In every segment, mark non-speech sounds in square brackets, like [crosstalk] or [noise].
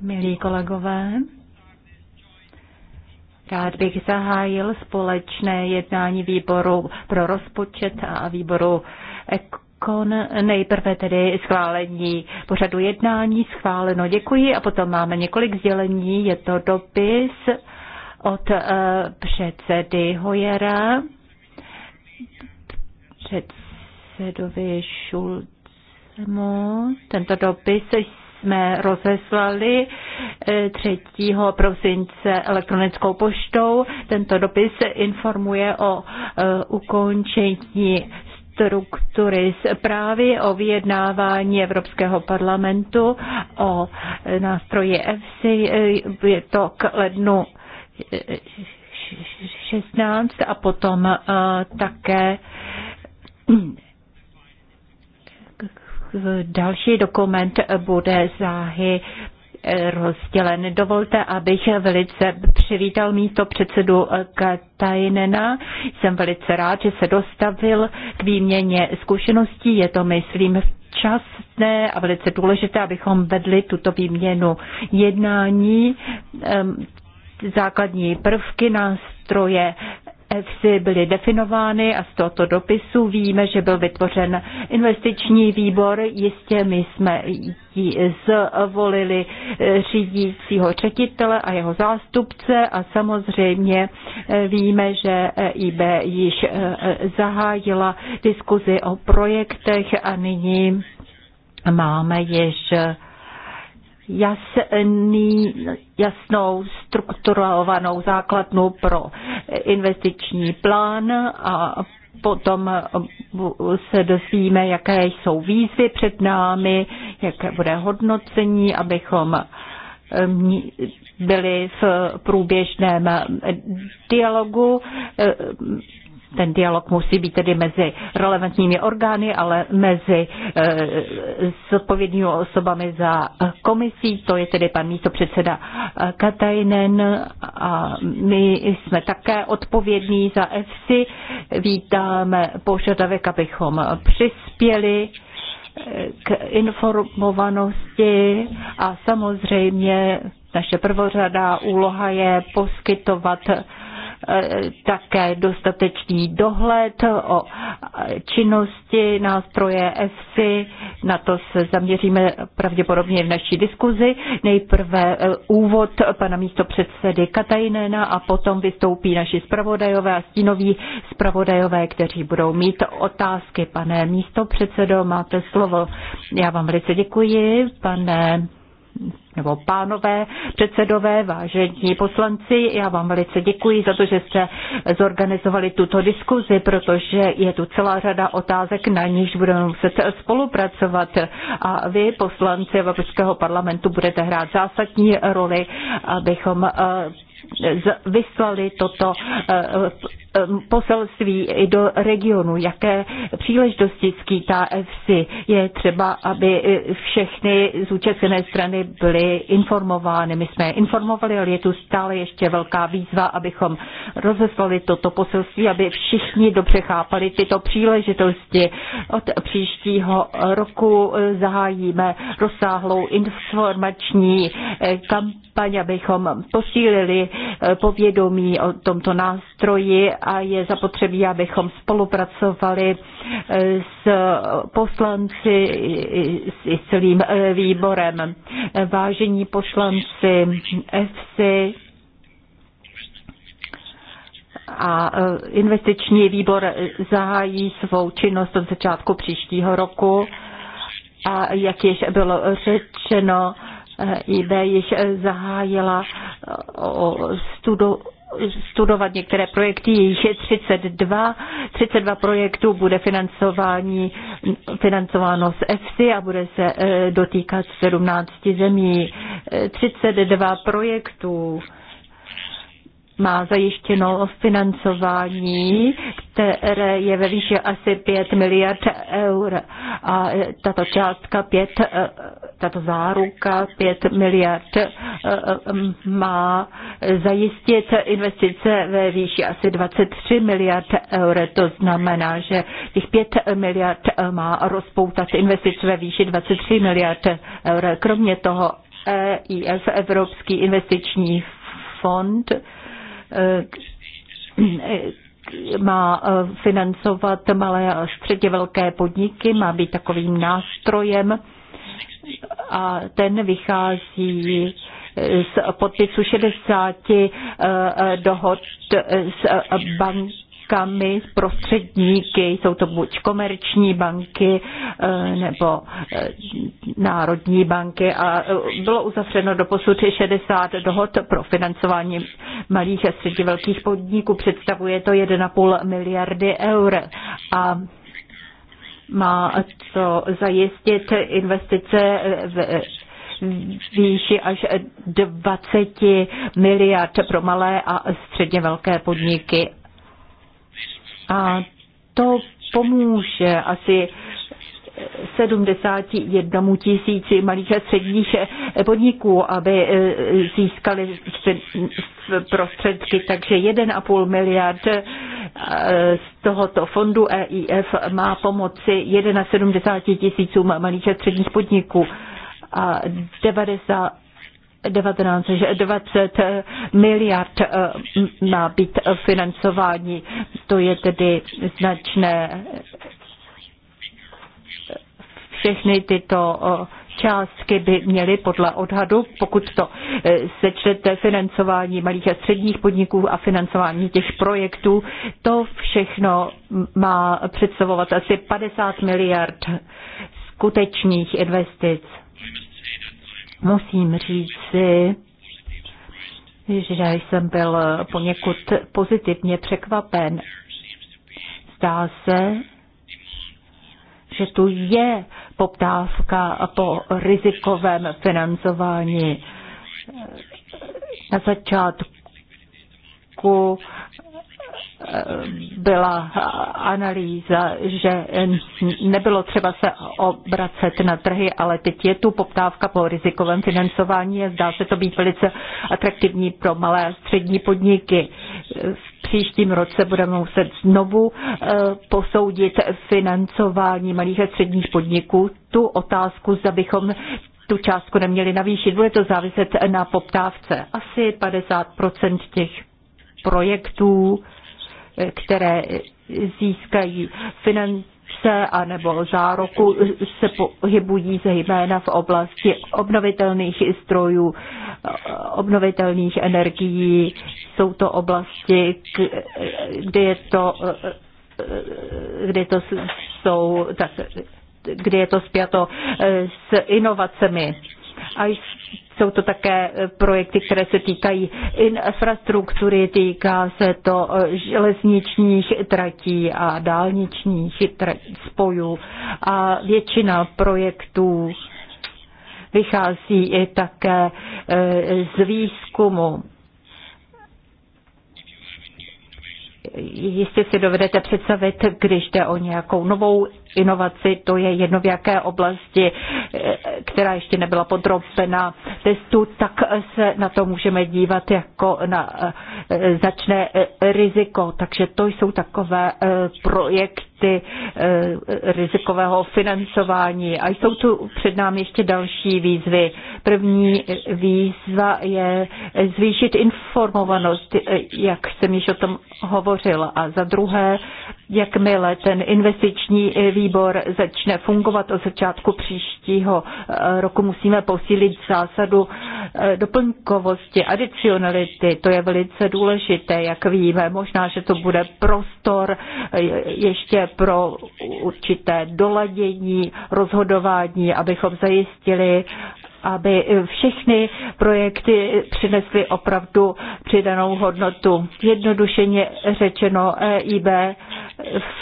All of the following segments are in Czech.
Milí kolegové, rád bych zahájil společné jednání výboru pro rozpočet a výboru ekon. Nejprve tedy schválení pořadu jednání, schváleno děkuji a potom máme několik sdělení. Je to dopis od eh, předsedy Hojera, předsedovi Šulce systému. Tento dopis jsme rozeslali 3. Eh, prosince elektronickou poštou. Tento dopis informuje o eh, ukončení struktury zprávy o vyjednávání Evropského parlamentu o eh, nástroji EFSI. Je to k lednu 16 a potom také Další dokument bude záhy rozdělen. Dovolte, abych velice přivítal místo předsedu Katajnena. Jsem velice rád, že se dostavil k výměně zkušeností. Je to, myslím, včasné a velice důležité, abychom vedli tuto výměnu jednání. Ehm, základní prvky nástroje EFSI byly definovány a z tohoto dopisu víme, že byl vytvořen investiční výbor. Jistě my jsme ji zvolili eh, řídícího ředitele a jeho zástupce a samozřejmě eh, víme, že e IB již eh, zahájila diskuzi o projektech a nyní máme již jasný, jasnou strukturovanou základnu pro investiční plán a potom se dozvíme, jaké jsou výzvy před námi, jaké bude hodnocení, abychom eh, byli v průběžném dialogu eh, ten dialog musí být tedy mezi relevantními orgány, ale mezi zodpovědnými eh, osobami za komisí, to je tedy pan předseda eh, Katajnen a my jsme také odpovědní za EFSI. Vítáme požadavek, abychom přispěli eh, k informovanosti a samozřejmě naše prvořadá úloha je poskytovat také dostatečný dohled o činnosti nástroje EFSI. Na to se zaměříme pravděpodobně v naší diskuzi. Nejprve eh, úvod pana předsedy Katajnena a potom vystoupí naši zpravodajové a stínoví zpravodajové, kteří budou mít otázky. Pane předsedo, máte slovo. Já vám velice děkuji, pane nebo pánové předsedové, vážení poslanci, já vám velice děkuji za to, že jste zorganizovali tuto diskuzi, protože je tu celá řada otázek, na níž budeme muset spolupracovat a vy, poslanci Evropského parlamentu, budete hrát zásadní roli, abychom eh, vyslali toto eh, Um, poselství i do regionu, jaké příležitosti skýtá FC. Je třeba, aby eh, všechny zúčastněné strany byly informovány. My jsme je informovali, ale je tu stále ještě velká výzva, abychom rozeslali toto poselství, aby všichni dobře chápali tyto příležitosti. Od příštího roku eh, zahájíme rozsáhlou informační eh, kampaň, abychom posílili povědomí o tomto nástroji a je zapotřebí, abychom spolupracovali eh, s poslanci i s celým eh, výborem. Vážení poslanci EFSI, a eh, investiční výbor zahájí svou činnost od začátku příštího roku a jak již bylo řečeno, IB již zahájila studu, studovat některé projekty, jejich je 32. 32 projektů bude financování, financováno z EFSI a bude se eh, dotýkat 17 zemí. 32 eh, projektů má zajištěno financování, které je ve výši asi 5 miliard eur a tato částka 5, tato záruka 5 miliard eh, má zajistit investice ve výši asi 23 miliard eur. To znamená, že těch 5 miliard má rozpoutat investice ve výši 23 miliard eur. Kromě toho EIF, Evropský investiční fond, Eh, má eh, financovat malé a středně velké podniky, má být takovým nástrojem a ten vychází eh, z podpisu 60 dohod s bank bankami, prostředníky, jsou to buď komerční banky eh, nebo eh, národní banky a eh, bylo uzavřeno do posud 60 dohod pro financování malých a středně velkých podniků. Představuje to 1,5 miliardy eur a má to zajistit investice v výši až 20 miliard pro malé a středně velké podniky a to pomůže asi 71 tisíci malých a středních podniků, aby eh, získali prostředky, takže 1,5 miliard eh, z tohoto fondu EIF má pomoci 71 tisícům malých a středních podniků a 90 19, že 20 eh, miliard eh, má být financování. To je tedy značné. Všechny tyto eh, částky by měly podle odhadu, pokud to sečtete financování malých a středních podniků a financování těch projektů, to všechno má představovat asi 50 miliard skutečných investic. Musím říct si, že jsem byl poněkud pozitivně překvapen. Zdá se, že tu je poptávka po rizikovém financování. Na začátku Eh, byla eh, analýza, že eh, nebylo třeba se obracet na trhy, ale teď je tu poptávka po rizikovém financování a zdá se to být velice atraktivní pro malé a střední podniky. V příštím roce budeme muset znovu posoudit financování malých a středních podniků. Tu otázku, zda bychom tu částku neměli navýšit. Bude to záviset na poptávce. Asi 50 těch projektů které získají finance a nebo zároku, se pohybují zejména v oblasti obnovitelných strojů, obnovitelných energií. Jsou to oblasti, kde je to, kde to jsou, tak, kde je to spjato s inovacemi. A jsou to také eh, projekty, které se týkají infrastruktury, týká se to eh, železničních tratí a dálničních spojů. A většina projektů vychází i také eh, z výzkumu. Jistě si dovedete představit, když jde o nějakou novou inovaci, to je jedno v jaké oblasti, eh, která ještě nebyla podrobena testu, tak se na to můžeme dívat jako na eh, začné eh, riziko. Takže to jsou takové projekty rizikového financování. A jsou tu před námi ještě další výzvy. První výzva je zvýšit informovanost, jak jsem již o tom hovořil. A za druhé, jakmile ten investiční výzva výbor začne fungovat od začátku příštího eh, roku, musíme posílit zásadu eh, doplňkovosti, adicionality. To je velice důležité, jak víme. Možná, že to bude prostor eh, ještě pro určité doladění, rozhodování, abychom zajistili, aby všechny projekty přinesly opravdu přidanou hodnotu. Jednodušeně řečeno EIB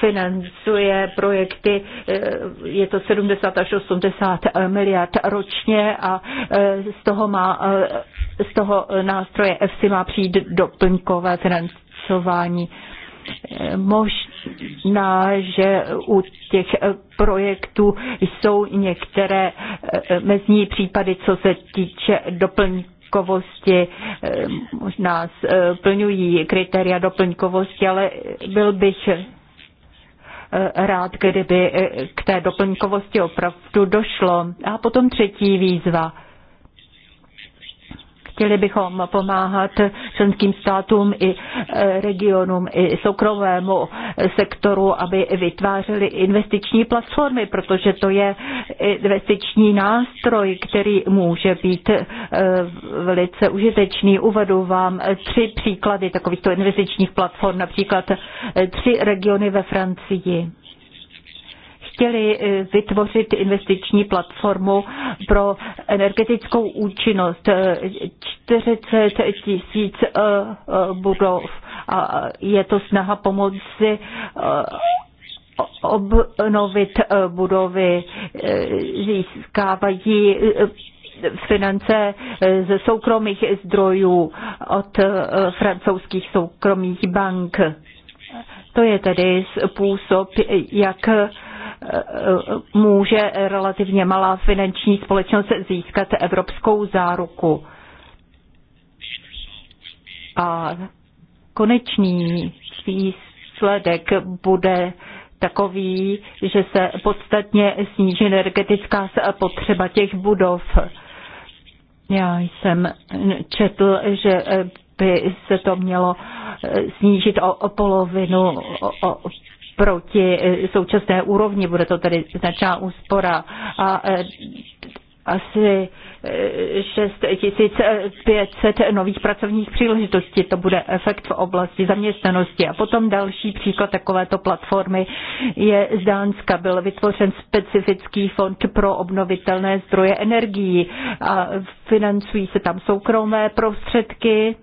financuje projekty, eh, je to 70 až 80 miliard ročně a eh, z toho, má, eh, z toho nástroje EFSI má přijít doplňkové financování možná, že u těch eh, projektů jsou některé eh, mezní případy, co se týče doplňkovosti eh, možná splňují kritéria doplňkovosti, ale byl bych rád, kdyby k té doplňkovosti opravdu došlo. A potom třetí výzva – Chtěli bychom pomáhat členským státům i e, regionům, i soukromému sektoru, aby vytvářeli investiční platformy, protože to je investiční nástroj, který může být e, velice užitečný. Uvedu vám tři příklady takovýchto investičních platform, například e, tři regiony ve Francii chtěli eh, vytvořit investiční platformu pro energetickou účinnost 40 eh, tisíc eh, budov. A je to snaha pomoci obnovit budovy, získávají finance ze soukromých zdrojů od francouzských soukromých bank. To je tedy způsob, jak Eh, může relativně malá finanční společnost získat evropskou záruku. A konečný výsledek bude takový, že se podstatně sníží energetická potřeba těch budov. Já jsem četl, že by se to mělo eh, snížit o, o polovinu, o, o proti eh, současné úrovni, bude to tedy značná úspora. A eh, asi 6500 eh, nových pracovních příležitostí. To bude efekt v oblasti zaměstnanosti. A potom další příklad takovéto platformy je z Dánska. Byl vytvořen specifický fond pro obnovitelné zdroje energií a financují se tam soukromé prostředky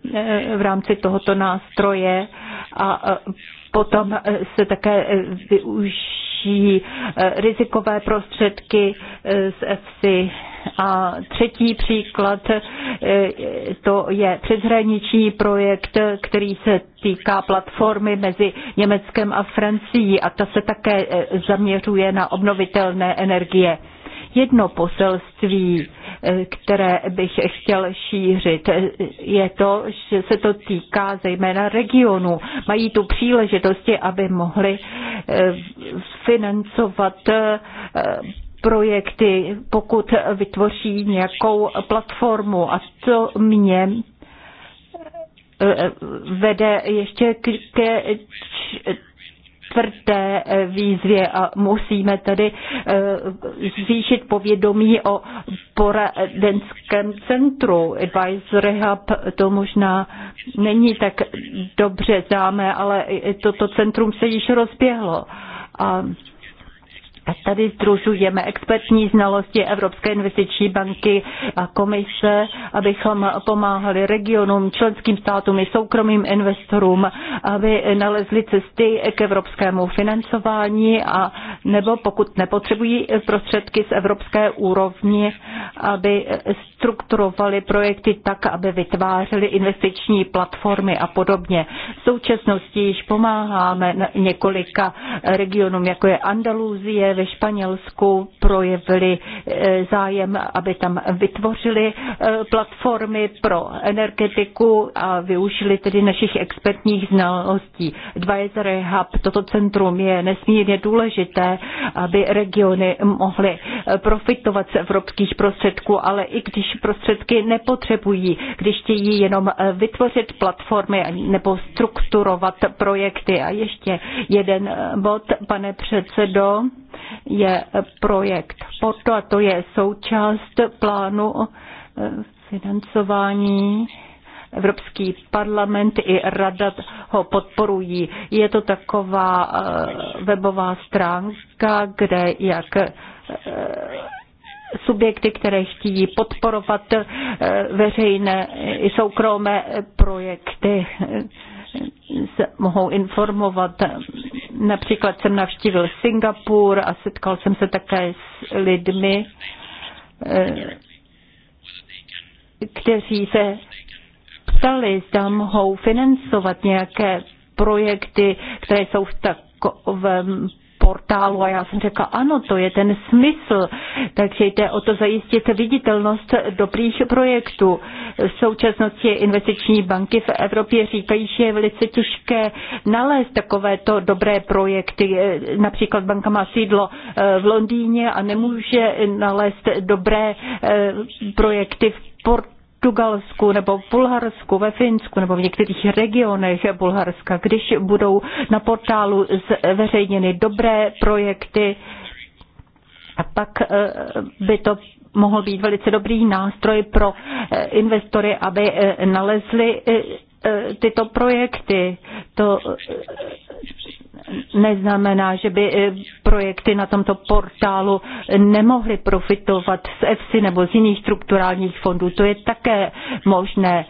v rámci tohoto nástroje a Potom eh, se také eh, využijí eh, rizikové prostředky z EFSI. A třetí příklad, to je přeshraniční projekt, který se týká platformy mezi Německem a Francií a ta se také zaměřuje na obnovitelné energie jedno poselství, eh, které bych chtěl šířit. Je to, že se to týká zejména regionu. Mají tu příležitosti, aby mohli eh, financovat eh, projekty, pokud vytvoří nějakou platformu. A to mě vede ještě ke čtvrté eh, výzvě a musíme tedy eh, zvýšit povědomí o poradenském centru. Advisory Hub to možná není tak dobře známé, ale toto centrum se již rozběhlo. A Tady združujeme expertní znalosti Evropské investiční banky a komise, abychom pomáhali regionům, členským státům i soukromým investorům, aby nalezli cesty k evropskému financování a nebo pokud nepotřebují prostředky z evropské úrovni, aby strukturovali projekty tak, aby vytvářely investiční platformy a podobně. V současnosti již pomáháme několika regionům, jako je Andaluzie, ve Španělsku projevili e, zájem, aby tam vytvořili e, platformy pro energetiku a využili tedy našich expertních znalostí. Advisory Hub, toto centrum je nesmírně důležité, aby regiony mohly e, profitovat z evropských prostředků, ale i když prostředky nepotřebují, když chtějí jenom vytvořit platformy nebo strukturovat projekty. A ještě jeden bod, pane předsedo je projekt Porto a to je součást plánu eh, financování. Evropský parlament i rada ho podporují. Je to taková eh, webová stránka, kde jak eh, subjekty, které chtějí podporovat veřejné i soukromé projekty, se mohou informovat Například jsem navštívil Singapur a setkal jsem se také s lidmi, eh, kteří se ptali, zda mohou financovat nějaké projekty, které jsou v takovém portálu a já jsem řekla, ano, to je ten smysl, takže jde o to zajistit viditelnost dobrých projektů. V současnosti investiční banky v Evropě říkají, že je velice těžké nalézt takovéto dobré projekty. Eh, například banka má sídlo eh, v Londýně a nemůže nalézt dobré eh, projekty v portálu Portugalsku nebo v Bulharsku, ve Finsku nebo v některých regionech Bulharska, když budou na portálu zveřejněny dobré projekty, a pak eh, by to mohl být velice dobrý nástroj pro eh, investory, aby eh, nalezli tyto projekty. To neznamená, že by eh, projekty na tomto portálu nemohly profitovat z EFSI nebo z jiných strukturálních fondů. To je také možné.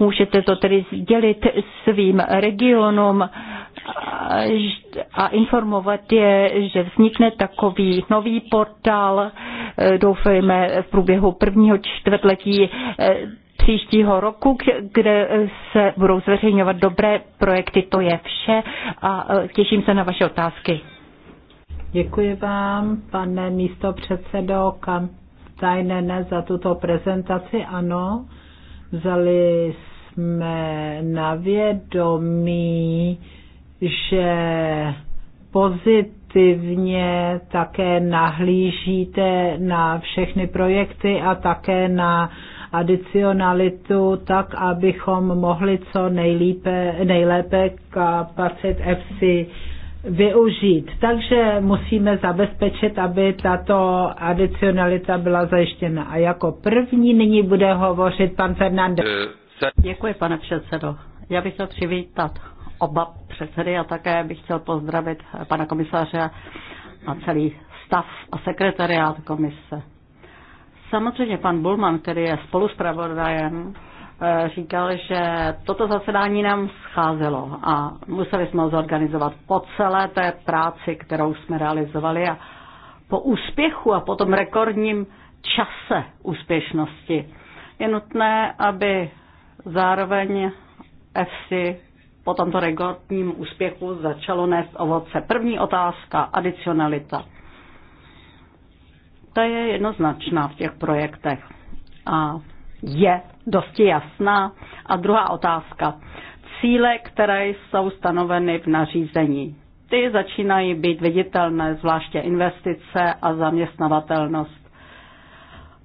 Můžete to tedy sdělit svým regionům a informovat je, že vznikne takový nový portál. Eh, doufejme v průběhu prvního čtvrtletí eh, příštího roku, kde eh, se budou zveřejňovat dobré projekty. To je vše a eh, těším se na vaše otázky. Děkuji vám, pane místo předsedo ne za tuto prezentaci. Ano, vzali jsme na vědomí, že pozitivně také nahlížíte na všechny projekty a také na adicionalitu tak, abychom mohli co nejlépe, nejlépe kapacit FC využít. Takže musíme zabezpečit, aby tato adicionalita byla zajištěna. A jako první nyní bude hovořit pan Fernandez. Eh, Děkuji, pane předsedo. Já bych chtěl přivítat oba předsedy a také bych chtěl pozdravit pana komisaře a celý stav a sekretariát komise. Samozřejmě pan Bulman, který je spoluspravodajem, eh, říkal, že toto zasedání nám scházelo a museli jsme ho zorganizovat po celé té práci, kterou jsme realizovali a po úspěchu a po tom rekordním čase úspěšnosti je nutné, aby zároveň FC po tomto rekordním úspěchu začalo nést ovoce. První otázka, adicionalita ta je jednoznačná v těch projektech a je dosti jasná. A druhá otázka. Cíle, které jsou stanoveny v nařízení. Ty začínají být viditelné, zvláště investice a zaměstnavatelnost.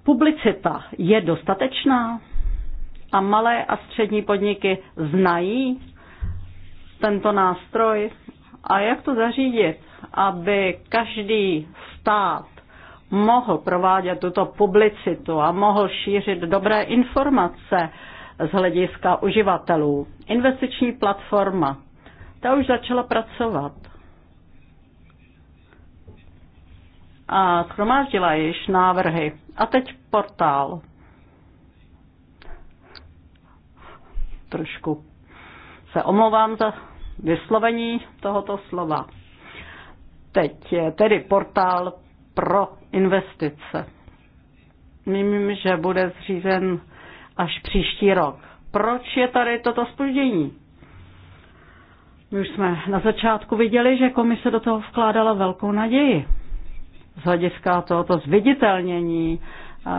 Publicita je dostatečná a malé a střední podniky znají tento nástroj a jak to zařídit, aby každý stát mohl provádět tuto publicitu a mohl šířit dobré informace z hlediska uživatelů. Investiční platforma, ta už začala pracovat. A schromáždila již návrhy. A teď portál. Trošku se omlouvám za vyslovení tohoto slova. Teď je tedy portál pro investice. Mím, že bude zřízen až příští rok. Proč je tady toto spoždění? My už jsme na začátku viděli, že komise do toho vkládala velkou naději z hlediska tohoto zviditelnění eh,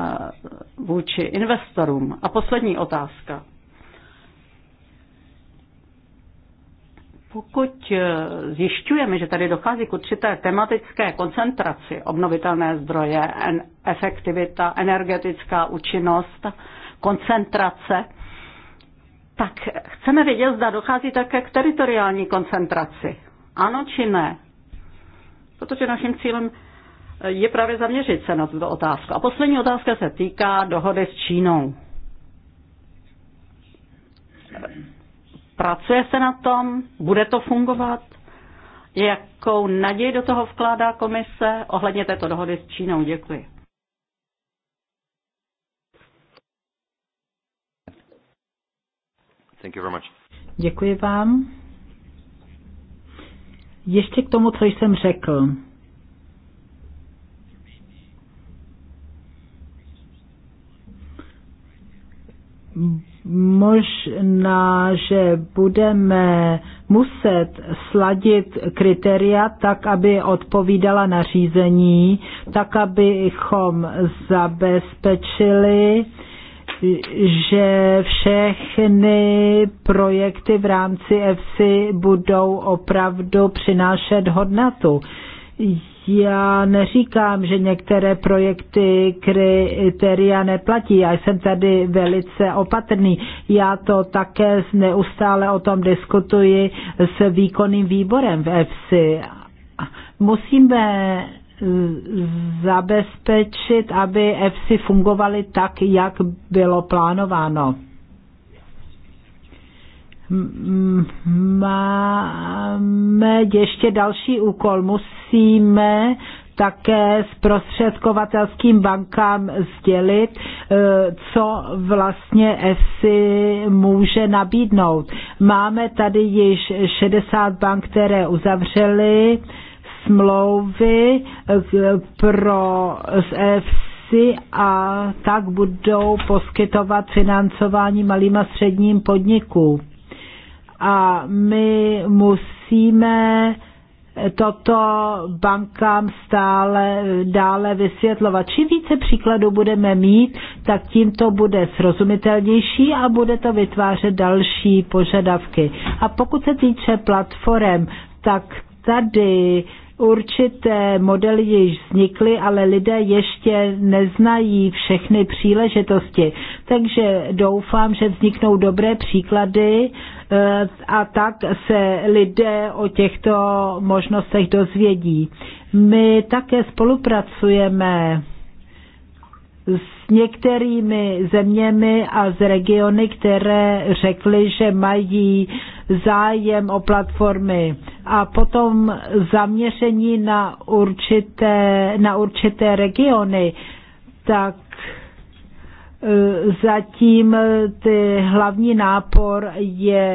vůči investorům. A poslední otázka. pokud eh, zjišťujeme, že tady dochází k určité tematické koncentraci obnovitelné zdroje, efektivita, energetická účinnost, koncentrace, tak chceme vědět, zda dochází také k teritoriální koncentraci. Ano či ne? Protože naším cílem eh, je právě zaměřit se na tuto otázku. A poslední otázka se týká dohody s Čínou Pracuje se na tom? Bude to fungovat? Jakou naději do toho vkládá komise ohledně této dohody s Čínou? Děkuji. Thank you very much. Děkuji vám. Ještě k tomu, co jsem řekl možná, že budeme muset sladit kritéria tak, aby odpovídala nařízení, tak, abychom zabezpečili, že všechny projekty v rámci EFSI budou opravdu přinášet hodnotu já neříkám, že některé projekty kritéria neplatí. Já jsem tady velice opatrný. Já to také neustále o tom diskutuji s výkonným výborem v EFSI. Musíme eh, zabezpečit, aby EFSI fungovaly tak, jak bylo plánováno máme ještě další úkol. Musíme také zprostředkovatelským bankám sdělit, eh, co vlastně ESI může nabídnout. Máme tady již 60 bank, které uzavřely smlouvy eh, pro z EFSI a tak budou poskytovat financování malým a středním podnikům a my musíme toto bankám stále dále vysvětlovat. Čím více příkladů budeme mít, tak tím to bude srozumitelnější a bude to vytvářet další požadavky. A pokud se týče platform, tak tady Určité modely již vznikly, ale lidé ještě neznají všechny příležitosti. Takže doufám, že vzniknou dobré příklady eh, a tak se lidé o těchto možnostech dozvědí. My také spolupracujeme s některými zeměmi a z regiony, které řekly, že mají zájem o platformy a potom zaměření na určité, na určité regiony, tak e, zatím ty hlavní nápor je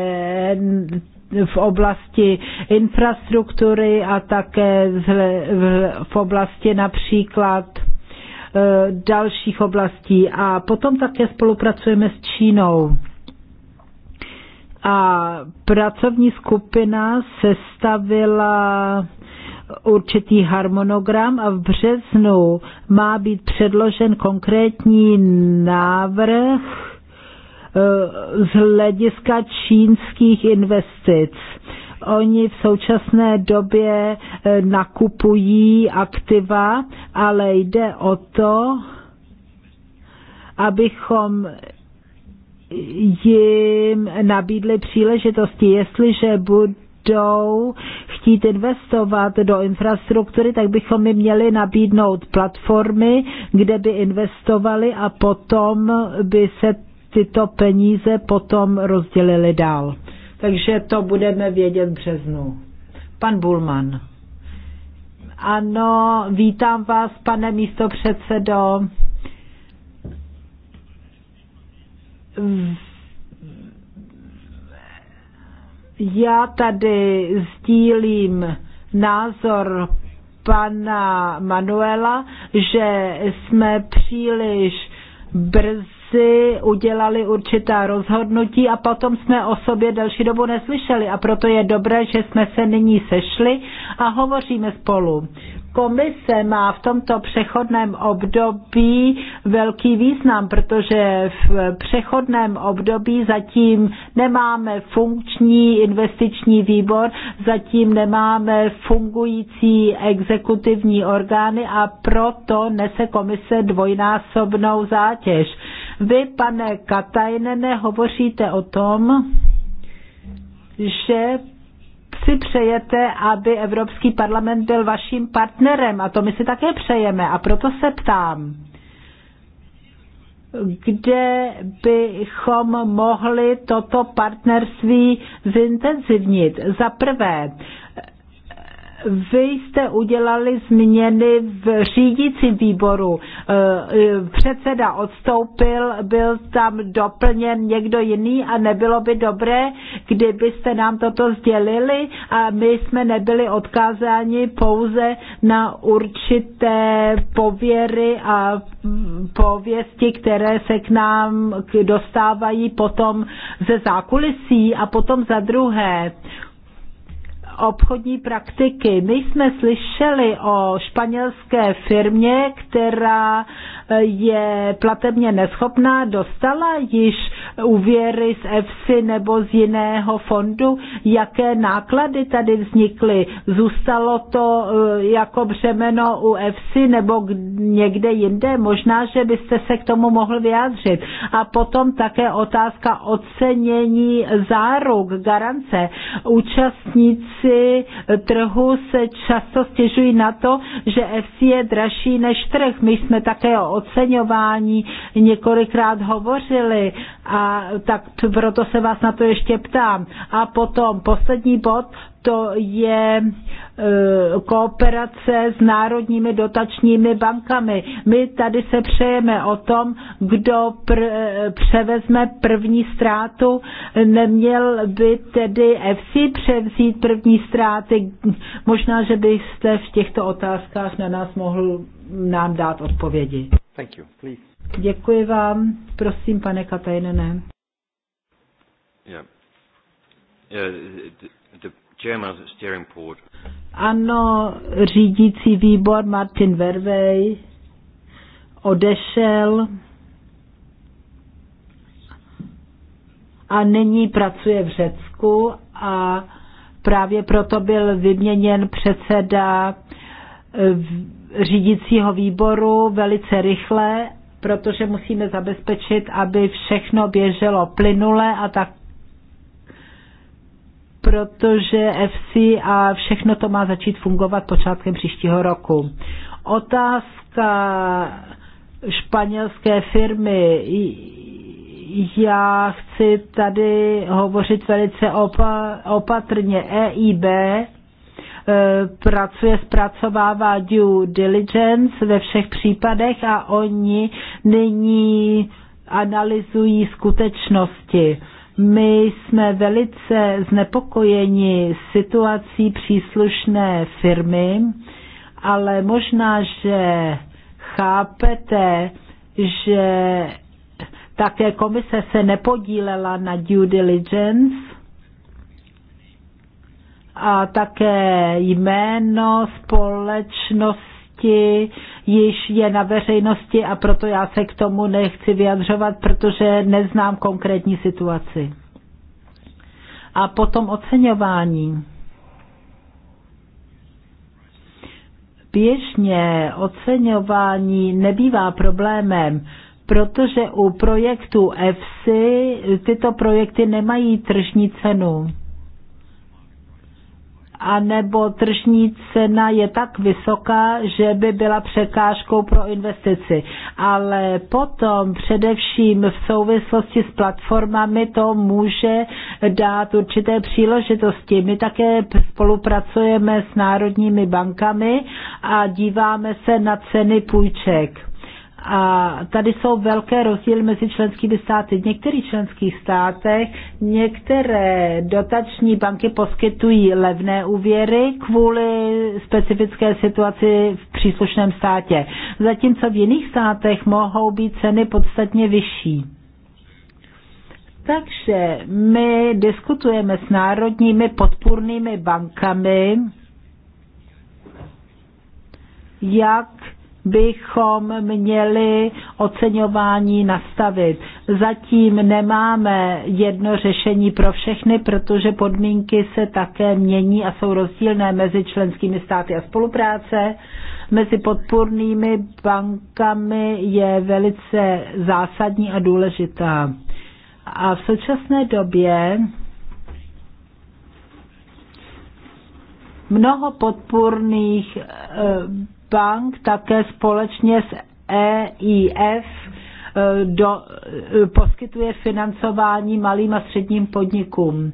v oblasti infrastruktury a také v oblasti například Eh, dalších oblastí. A potom také spolupracujeme s Čínou. A pracovní skupina sestavila určitý harmonogram a v březnu má být předložen konkrétní návrh eh, z hlediska čínských investic Oni v současné době eh, nakupují aktiva, ale jde o to, abychom jim nabídli příležitosti. Jestliže budou chtít investovat do infrastruktury, tak bychom jim měli nabídnout platformy, kde by investovali a potom by se tyto peníze potom rozdělili dál takže to budeme vědět v březnu. Pan Bulman. Ano, vítám vás, pane místo předsedo. Já tady sdílím názor pana Manuela, že jsme příliš brzy si udělali určitá rozhodnutí a potom jsme o sobě delší dobu neslyšeli a proto je dobré, že jsme se nyní sešli a hovoříme spolu. Komise má v tomto přechodném období velký význam, protože v přechodném období zatím nemáme funkční investiční výbor, zatím nemáme fungující exekutivní orgány a proto nese komise dvojnásobnou zátěž. Vy, pane Katajnene, hovoříte o tom, že si přejete, aby Evropský parlament byl vaším partnerem a to my si také přejeme a proto se ptám, kde bychom mohli toto partnerství zintenzivnit. Za prvé, vy jste udělali změny v řídícím výboru. Eh, eh, předseda odstoupil, byl tam doplněn někdo jiný a nebylo by dobré, kdybyste nám toto sdělili a my jsme nebyli odkázáni pouze na určité pověry a pověsti, které se k nám dostávají potom ze zákulisí a potom za druhé obchodní praktiky. My jsme slyšeli o španělské firmě, která je platebně neschopná, dostala již úvěry z EFSI nebo z jiného fondu, jaké náklady tady vznikly? Zůstalo to eh, jako břemeno u EFSI nebo někde jinde? Možná, že byste se k tomu mohl vyjádřit. A potom také otázka ocenění záruk, garance. Účastníci eh, trhu se často stěžují na to, že EFSI je dražší než trh. My jsme také o oceňování několikrát hovořili a tak proto se vás na to ještě ptám. A potom poslední bod, to je e, kooperace s národními dotačními bankami. My tady se přejeme o tom, kdo pr- převezme první ztrátu. Neměl by tedy FC převzít první ztráty. Možná, že byste v těchto otázkách na nás mohl nám dát odpovědi. Thank you. Please. Děkuji vám. Prosím, pane Katajnene. Yeah. Yeah, the, the Ano, řídící výbor Martin Vervej odešel a nyní pracuje v Řecku a právě proto byl vyměněn předseda v řídícího výboru velice rychle, protože musíme zabezpečit, aby všechno běželo plynule a tak protože FC a všechno to má začít fungovat počátkem příštího roku. Otázka španělské firmy. Já chci tady hovořit velice opa- opatrně. EIB Eh, pracuje, zpracovává due diligence ve všech případech a oni nyní analyzují skutečnosti. My jsme velice znepokojeni situací příslušné firmy, ale možná, že chápete, že také komise se nepodílela na due diligence, a také jméno společnosti již je na veřejnosti a proto já se k tomu nechci vyjadřovat, protože neznám konkrétní situaci. A potom oceňování. Běžně oceňování nebývá problémem, protože u projektu EFSI tyto projekty nemají tržní cenu a nebo tržní cena je tak vysoká, že by byla překážkou pro investici. Ale potom především v souvislosti s platformami to může dát určité příležitosti. My také spolupracujeme s národními bankami a díváme se na ceny půjček a tady jsou velké rozdíly mezi členskými státy. V některých členských státech některé dotační banky poskytují levné úvěry kvůli specifické situaci v příslušném státě, zatímco v jiných státech mohou být ceny podstatně vyšší. Takže my diskutujeme s národními podpůrnými bankami, jak bychom měli oceňování nastavit. Zatím nemáme jedno řešení pro všechny, protože podmínky se také mění a jsou rozdílné mezi členskými státy a spolupráce. Mezi podpůrnými bankami je velice zásadní a důležitá. A v současné době mnoho podpůrných eh, bank také společně s EIF e, do, e, poskytuje financování malým a středním podnikům.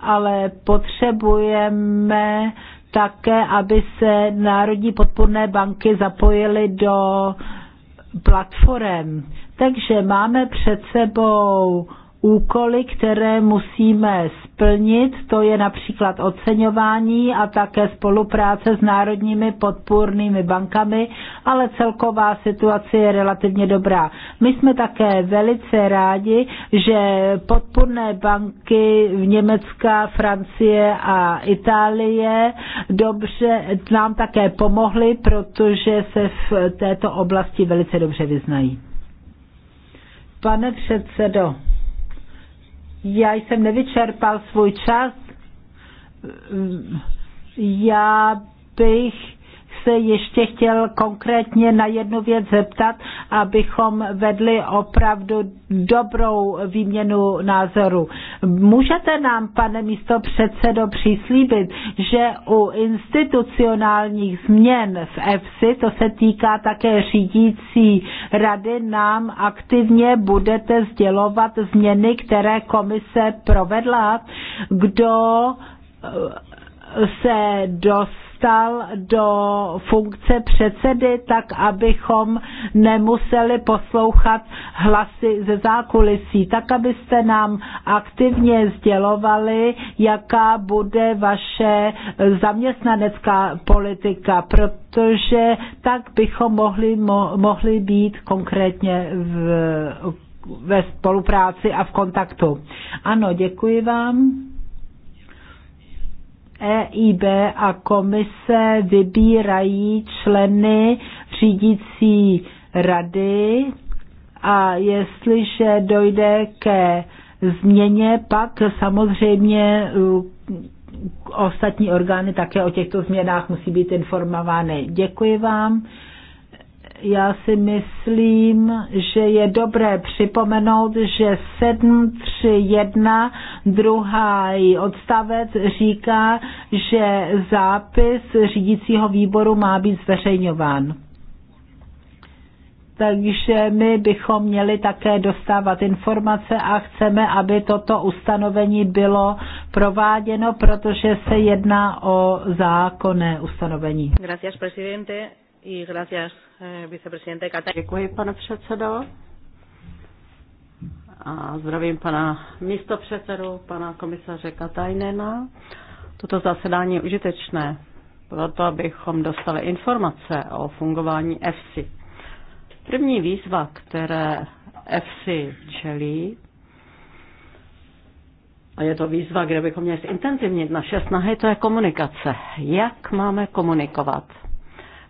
Ale potřebujeme také, aby se národní podporné banky zapojily do platform. Takže máme před sebou úkoly, které musíme splnit, to je například oceňování a také spolupráce s národními podpůrnými bankami, ale celková situace je relativně dobrá. My jsme také velice rádi, že podpůrné banky v Německa, Francie a Itálie dobře nám také pomohly, protože se v této oblasti velice dobře vyznají. Pane předsedo, já jsem nevyčerpal svůj čas. Já bych se ještě chtěl konkrétně na jednu věc zeptat, abychom vedli opravdu dobrou výměnu názoru. Můžete nám, pane místo předsedo, přislíbit, že u institucionálních změn v EFSI, to se týká také řídící rady, nám aktivně budete sdělovat změny, které komise provedla, kdo se dost dostal do funkce předsedy, tak abychom nemuseli poslouchat hlasy ze zákulisí, tak abyste nám aktivně sdělovali, jaká bude vaše zaměstnanecká politika, protože tak bychom mohli, mo, mohli být konkrétně v, ve spolupráci a v kontaktu. Ano, děkuji vám. EIB a komise vybírají členy řídící rady a jestliže dojde ke změně, pak samozřejmě ostatní orgány také o těchto změnách musí být informovány. Děkuji vám já si myslím, že je dobré připomenout, že 731 druhá odstavec říká, že zápis řídícího výboru má být zveřejňován. Takže my bychom měli také dostávat informace a chceme, aby toto ustanovení bylo prováděno, protože se jedná o zákonné ustanovení. Gracias, presidente. Y gracias, eh, vicepresidente Děkuji, pane předsedo. A zdravím pana místopředsedu, pana komisaře Katajnena. Toto zasedání je užitečné, proto abychom dostali informace o fungování EFSI. První výzva, které EFSI čelí, a je to výzva, kde bychom měli zintenzivnit naše snahy, to je komunikace. Jak máme komunikovat?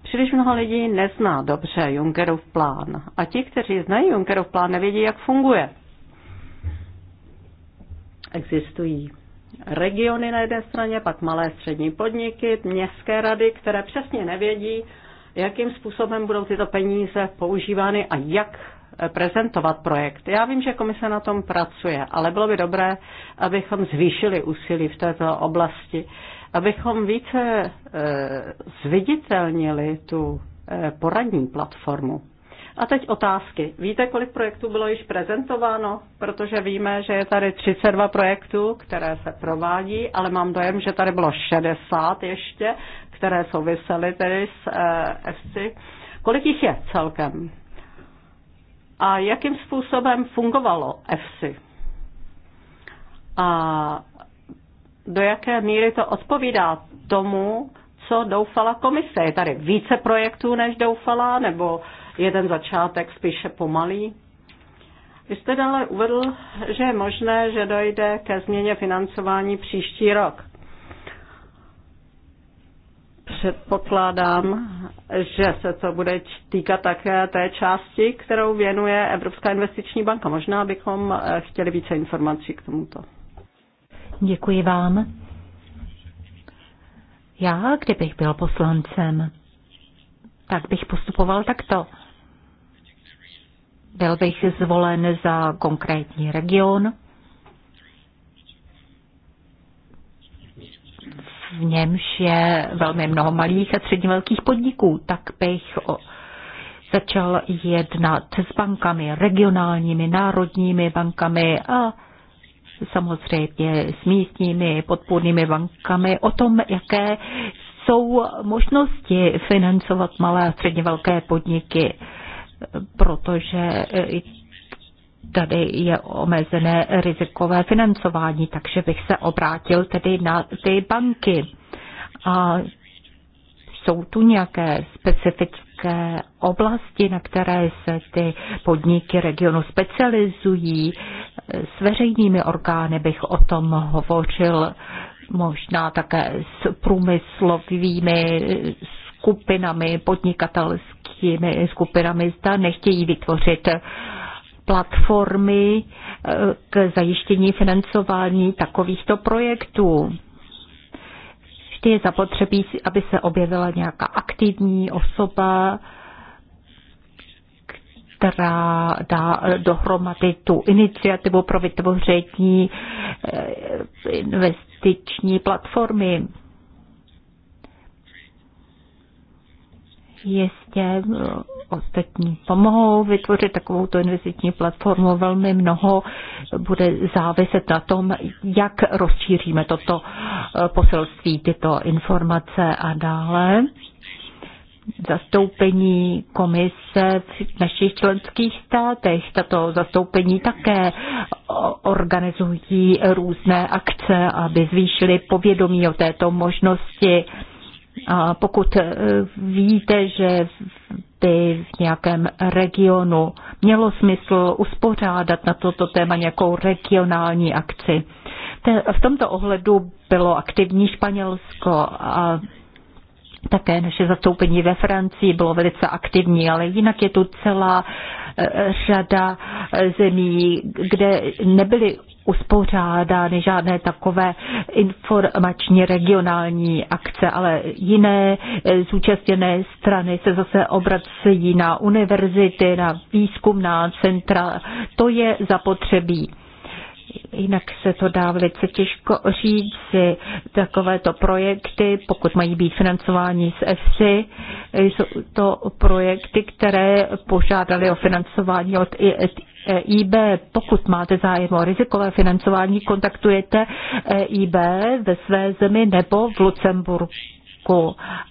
Příliš mnoho lidí nezná dobře Junckerův plán a ti, kteří znají Junckerův plán, nevědí, jak funguje. Existují regiony na jedné straně, pak malé střední podniky, městské rady, které přesně nevědí, jakým způsobem budou tyto peníze používány a jak prezentovat projekt. Já vím, že komise na tom pracuje, ale bylo by dobré, abychom zvýšili úsilí v této oblasti abychom více eh, zviditelnili tu eh, poradní platformu. A teď otázky. Víte, kolik projektů bylo již prezentováno? Protože víme, že je tady 32 projektů, které se provádí, ale mám dojem, že tady bylo 60 ještě, které souvisely tedy s FC. Eh, kolik jich je celkem? A jakým způsobem fungovalo FC? A do jaké míry to odpovídá tomu, co doufala komise. Je tady více projektů, než doufala, nebo je ten začátek spíše pomalý? Vy jste dále uvedl, že je možné, že dojde ke změně financování příští rok. Předpokládám, že se to bude týkat také té části, kterou věnuje Evropská investiční banka. Možná bychom eh, chtěli více informací k tomuto. Děkuji vám. Já, kdybych byl poslancem, tak bych postupoval takto. Byl bych zvolen za konkrétní region. V němž je velmi mnoho malých a středně velkých podniků, tak bych začal jednat s bankami, regionálními, národními bankami a samozřejmě s místními podpůrnými bankami o tom, jaké jsou možnosti financovat malé a středně velké podniky, protože tady je omezené rizikové financování, takže bych se obrátil tedy na ty banky. A jsou tu nějaké specifické oblasti, na které se ty podniky regionu specializují, s veřejnými orgány bych o tom hovořil, možná také s průmyslovými skupinami, podnikatelskými skupinami, zda nechtějí vytvořit platformy eh, k zajištění financování takovýchto projektů. Vždy je zapotřebí, aby se objevila nějaká aktivní osoba, která dá eh, dohromady tu iniciativu pro vytvoření eh, investiční platformy. Jistě eh, ostatní pomohou vytvořit tu investiční platformu. Velmi mnoho bude záviset na tom, jak rozšíříme toto poselství, tyto informace a dále zastoupení komise v našich členských státech. Tato zastoupení také organizují různé akce, aby zvýšili povědomí o této možnosti. A pokud e, víte, že by v nějakém regionu mělo smysl uspořádat na toto téma nějakou regionální akci. V tomto ohledu bylo aktivní Španělsko a také naše zastoupení ve Francii bylo velice aktivní, ale jinak je tu celá e, řada e, zemí, kde nebyly uspořádány žádné takové informační regionální akce, ale jiné e, zúčastněné strany se zase obracejí na univerzity, na výzkumná centra. To je zapotřebí. Jinak se to dá velice těžko si Takovéto projekty, pokud mají být financování z EFSI, jsou to projekty, které požádali o financování od EIB. Pokud máte zájem o rizikové financování, kontaktujete EIB ve své zemi nebo v Lucemburku.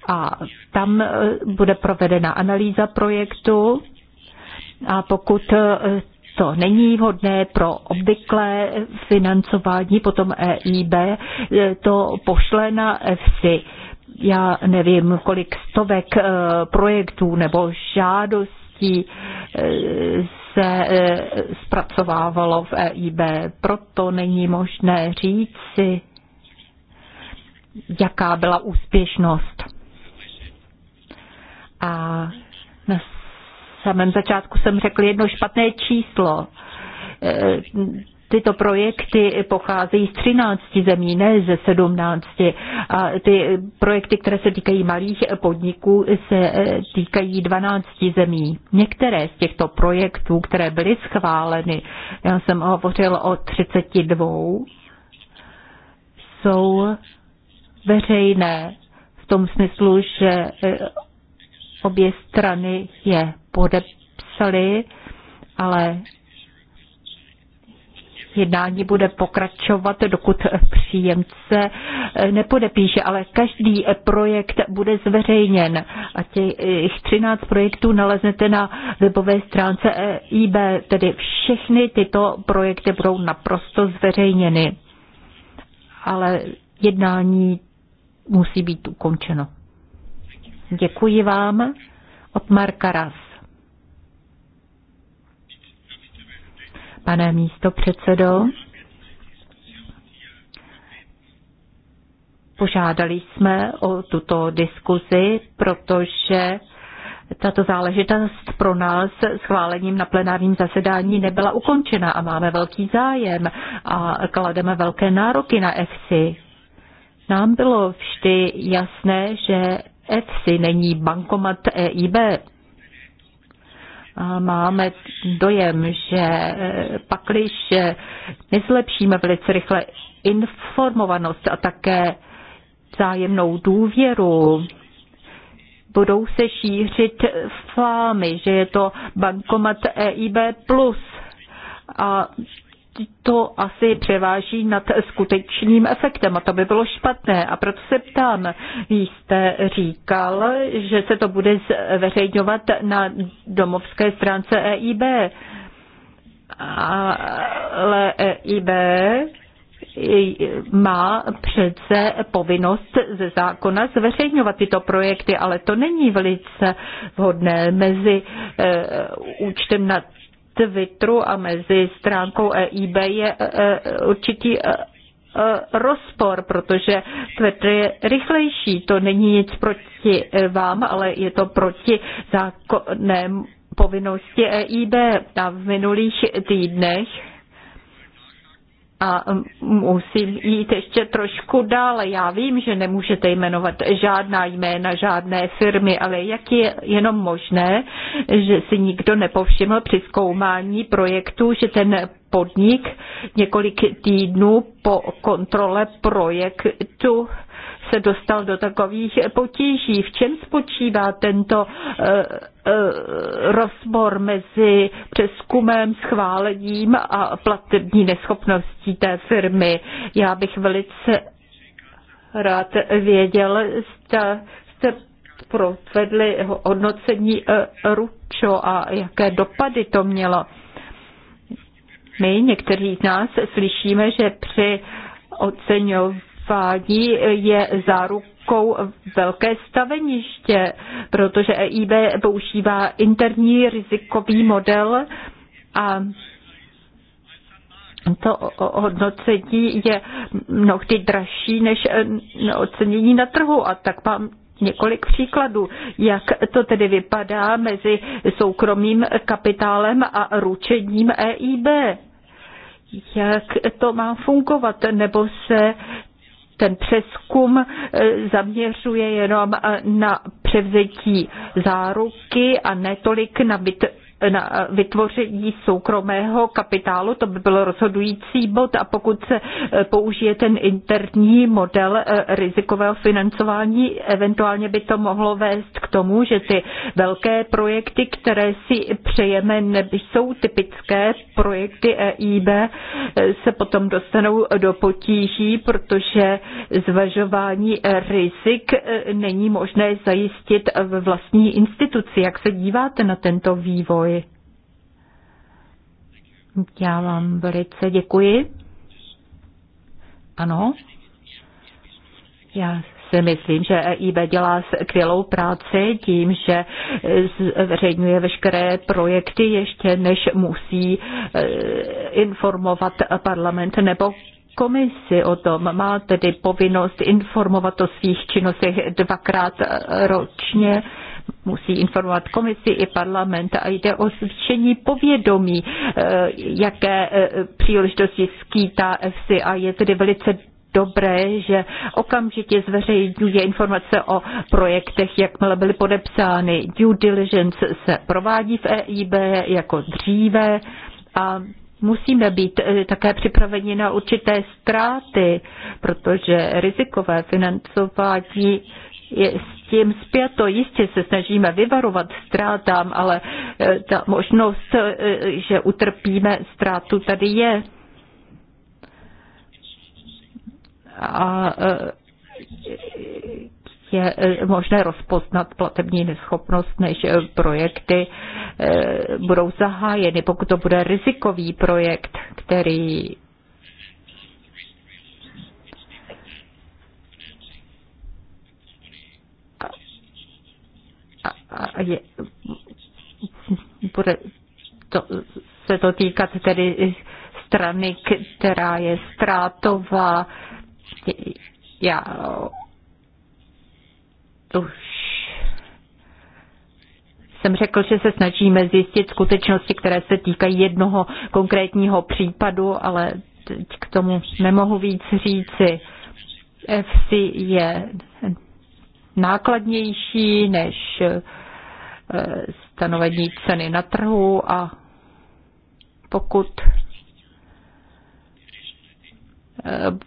A tam e, bude provedena analýza projektu. A pokud e, to není vhodné pro obvyklé financování, potom EIB e, to pošle na EFSI. Já nevím, kolik stovek e, projektů nebo žádostí e, se zpracovávalo v EIB. Proto není možné říci, jaká byla úspěšnost. A samém začátku jsem řekl jedno špatné číslo. E, tyto projekty pocházejí z 13 zemí, ne ze 17. A ty projekty, které se týkají malých podniků, se e, týkají 12 zemí. Některé z těchto projektů, které byly schváleny, já jsem hovořil o 32, jsou veřejné v tom smyslu, že e, Obě strany je podepsaly, ale jednání bude pokračovat, dokud příjemce nepodepíše, ale každý projekt bude zveřejněn a těch 13 projektů naleznete na webové stránce EIB, tedy všechny tyto projekty budou naprosto zveřejněny. Ale jednání musí být ukončeno. Děkuji vám. od Marka Ras. Pane místo předsedo, požádali jsme o tuto diskuzi, protože tato záležitost pro nás schválením na plenárním zasedání nebyla ukončena a máme velký zájem a klademe velké nároky na EFSI. Nám bylo vždy jasné, že EFSI, není bankomat EIB. A máme dojem, že e, pakliž e, nezlepšíme velice rychle informovanost a také zájemnou důvěru, budou se šířit fámy, že je to bankomat EIB+. A to asi převáží nad skutečným efektem a to by bylo špatné. A proto se ptám, jste říkal, že se to bude zveřejňovat na domovské stránce EIB, ale EIB má přece povinnost ze zákona zveřejňovat tyto projekty, ale to není velice vhodné mezi eh, účtem na Twitteru a mezi stránkou EIB je e, e, určitý e, rozpor, protože Twitter je rychlejší. To není nic proti vám, ale je to proti zákonnému povinnosti EIB. A v minulých týdnech a musím jít ještě trošku dále. Já vím, že nemůžete jmenovat žádná jména, žádné firmy, ale jak je jenom možné, že si nikdo nepovšiml při zkoumání projektu, že ten podnik několik týdnů po kontrole projektu se dostal do takových potíží. V čem spočívá tento eh, eh, rozbor mezi přeskumem, schválením a platební neschopností té firmy? Já bych velice rád věděl, zda jste provedli hodnocení eh, Ručo a jaké dopady to mělo. My, někteří z nás, slyšíme, že při oceňování vádí, je zárukou velké staveniště, protože EIB používá interní rizikový model a to hodnocení je mnohdy dražší než eh, ocenění na trhu a tak mám několik příkladů, jak to tedy vypadá mezi soukromým kapitálem a ručením EIB. Jak to má fungovat, nebo se ten přeskum eh, zaměřuje jenom eh, na převzetí záruky a netolik na byt na vytvoření soukromého kapitálu, to by byl rozhodující bod a pokud se eh, použije ten interní model eh, rizikového financování, eventuálně by to mohlo vést k tomu, že ty velké projekty, které si přejeme, jsou typické projekty EIB, eh, se potom dostanou do potíží, protože zvažování rizik není možné zajistit v vlastní instituci. Jak se díváte na tento vývoj? Já vám velice děkuji. Ano. Já si myslím, že EIB dělá skvělou práci tím, že zveřejňuje veškeré projekty ještě než musí eh, informovat parlament nebo komisi o tom. Má tedy povinnost informovat o svých činnostech dvakrát eh, ročně musí informovat komisi i parlament a jde o zvýšení povědomí, eh, jaké eh, příležitosti skýtá EFSI a je tedy velice dobré, že okamžitě zveřejňuje informace o projektech, jakmile byly podepsány. Due diligence se provádí v EIB jako dříve a musíme být eh, také připraveni na určité ztráty, protože rizikové financování je tím zpěto. Jistě se snažíme vyvarovat ztrátám, ale eh, ta možnost, eh, že utrpíme ztrátu, tady je. A eh, je možné rozpoznat platební neschopnost, než projekty budou zahájeny, pokud to bude rizikový projekt, který je, bude to, se to týkat tedy strany, která je ztrátová. Já už jsem řekl, že se snažíme zjistit skutečnosti, které se týkají jednoho konkrétního případu, ale teď k tomu nemohu víc říci. FC je nákladnější než Eh, stanovení ceny na trhu a pokud eh,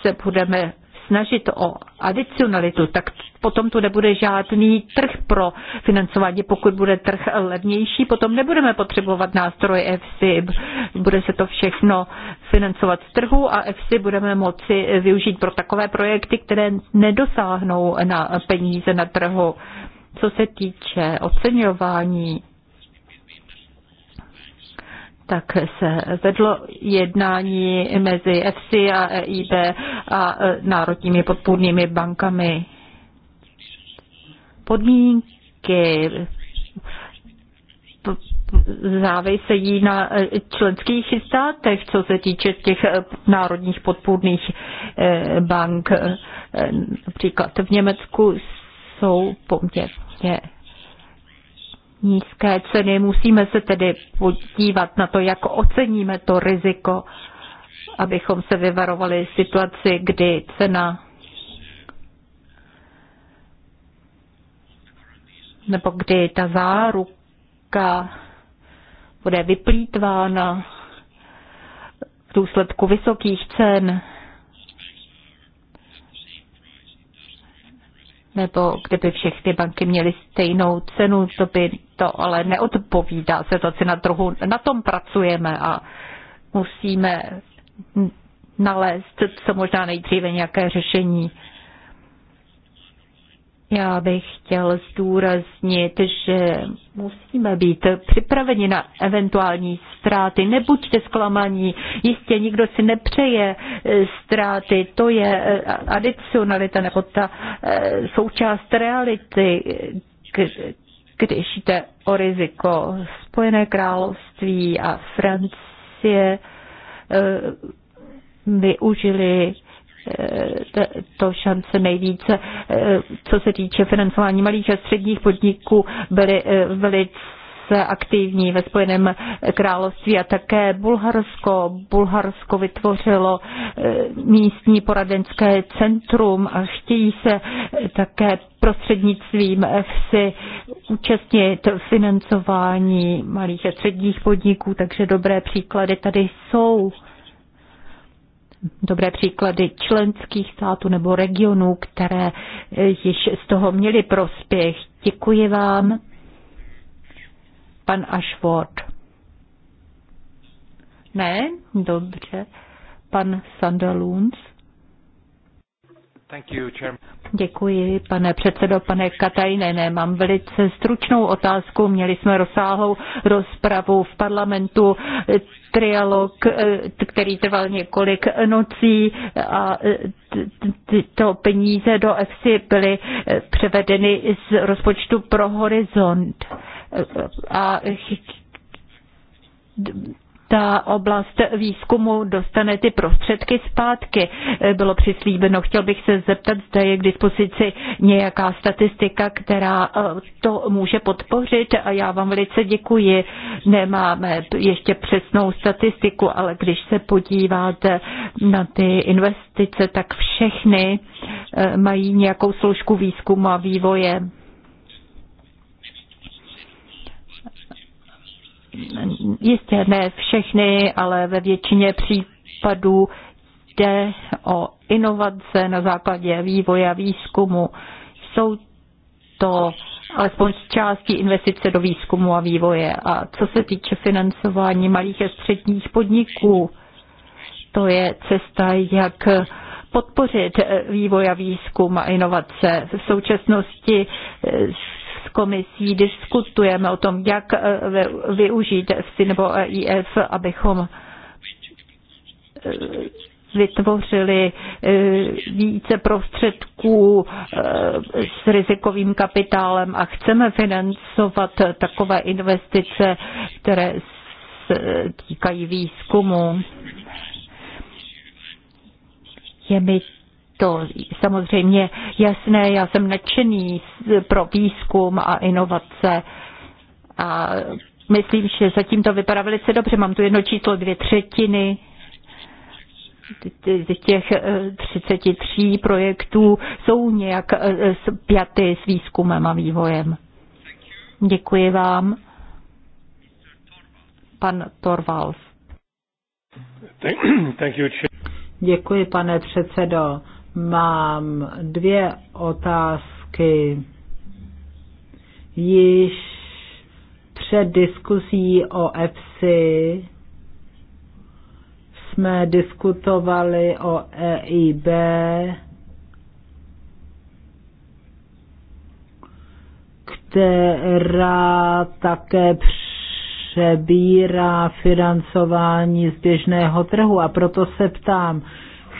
se budeme snažit o adicionalitu, tak potom tu nebude žádný trh pro financování. Pokud bude trh levnější, potom nebudeme potřebovat nástroj EFSI. Bude se to všechno financovat z trhu a EFSI budeme moci využít pro takové projekty, které nedosáhnou na peníze na trhu. Co se týče oceňování, tak se vedlo jednání mezi EFSI a EIB a e, národními podpůrnými bankami. Podmínky závisejí na e, členských státech, co se týče těch e, národních podpůrných bank. Například v Německu jsou poměrně nízké ceny. Musíme se tedy podívat na to, jak oceníme to riziko, abychom se vyvarovali situaci, kdy cena nebo kdy ta záruka bude vyplýtvána v důsledku vysokých cen nebo kdyby všechny banky měly stejnou cenu, to by to ale neodpovídá situaci na trhu. Na tom pracujeme a musíme nalézt co možná nejdříve nějaké řešení. Já bych chtěl zdůraznit, že musíme být připraveni na eventuální ztráty. Nebuďte zklamaní. Jistě nikdo si nepřeje eh, ztráty. To je eh, adicionalita nebo ta eh, součást reality, když jde o riziko. Spojené království a Francie využili Eh, to šance nejvíce, eh, co se týče financování malých a středních podniků, byly eh, velice aktivní ve Spojeném království a také Bulharsko. Bulharsko vytvořilo místní poradenské centrum a chtějí se také prostřednictvím FSI účastnit financování malých a středních podniků, takže dobré příklady tady jsou dobré příklady členských států nebo regionů, které eh, již z toho měli prospěch. Děkuji vám, pan Ashford. Ne, dobře, pan Sandalunds. Děkuji, pane předsedo, pane Katajnene. Mám velice stručnou otázku. Měli jsme rozsáhlou rozpravu v parlamentu, trialog, eh, který trval několik nocí a eh, tyto peníze do EFSI byly eh, převedeny z rozpočtu pro Horizont. A ta oblast výzkumu dostane ty prostředky zpátky. Bylo přislíbeno. Chtěl bych se zeptat, zda je k dispozici nějaká statistika, která eh, to může podpořit a já vám velice děkuji. Nemáme ještě přesnou statistiku, ale když se podíváte na ty investice, tak všechny eh, mají nějakou složku výzkumu a vývoje. Jistě ne všechny, ale ve většině případů jde o inovace na základě vývoje a výzkumu. Jsou to alespoň z části investice do výzkumu a vývoje. A co se týče financování malých a středních podniků, to je cesta, jak podpořit vývoj a výzkum a inovace. V současnosti s komisí diskutujeme o tom, jak eh, využít si nebo EIF, abychom eh, vytvořili eh, více prostředků s rizikovým kapitálem a chceme financovat takové investice, které se týkají výzkumu. Je mi to samozřejmě jasné. Já jsem nadšený pro výzkum a inovace. A myslím, že zatím to vypadá velice dobře. Mám tu jedno číslo dvě třetiny z těch 33 eh, projektů jsou nějak eh, spjaty s výzkumem a vývojem. Děkuji vám. Pan Torvalds. Děkuji, pane předsedo. Mám dvě otázky. Již před diskusí o EPSI jsme diskutovali o EIB která také přebírá financování z běžného trhu. A proto se ptám,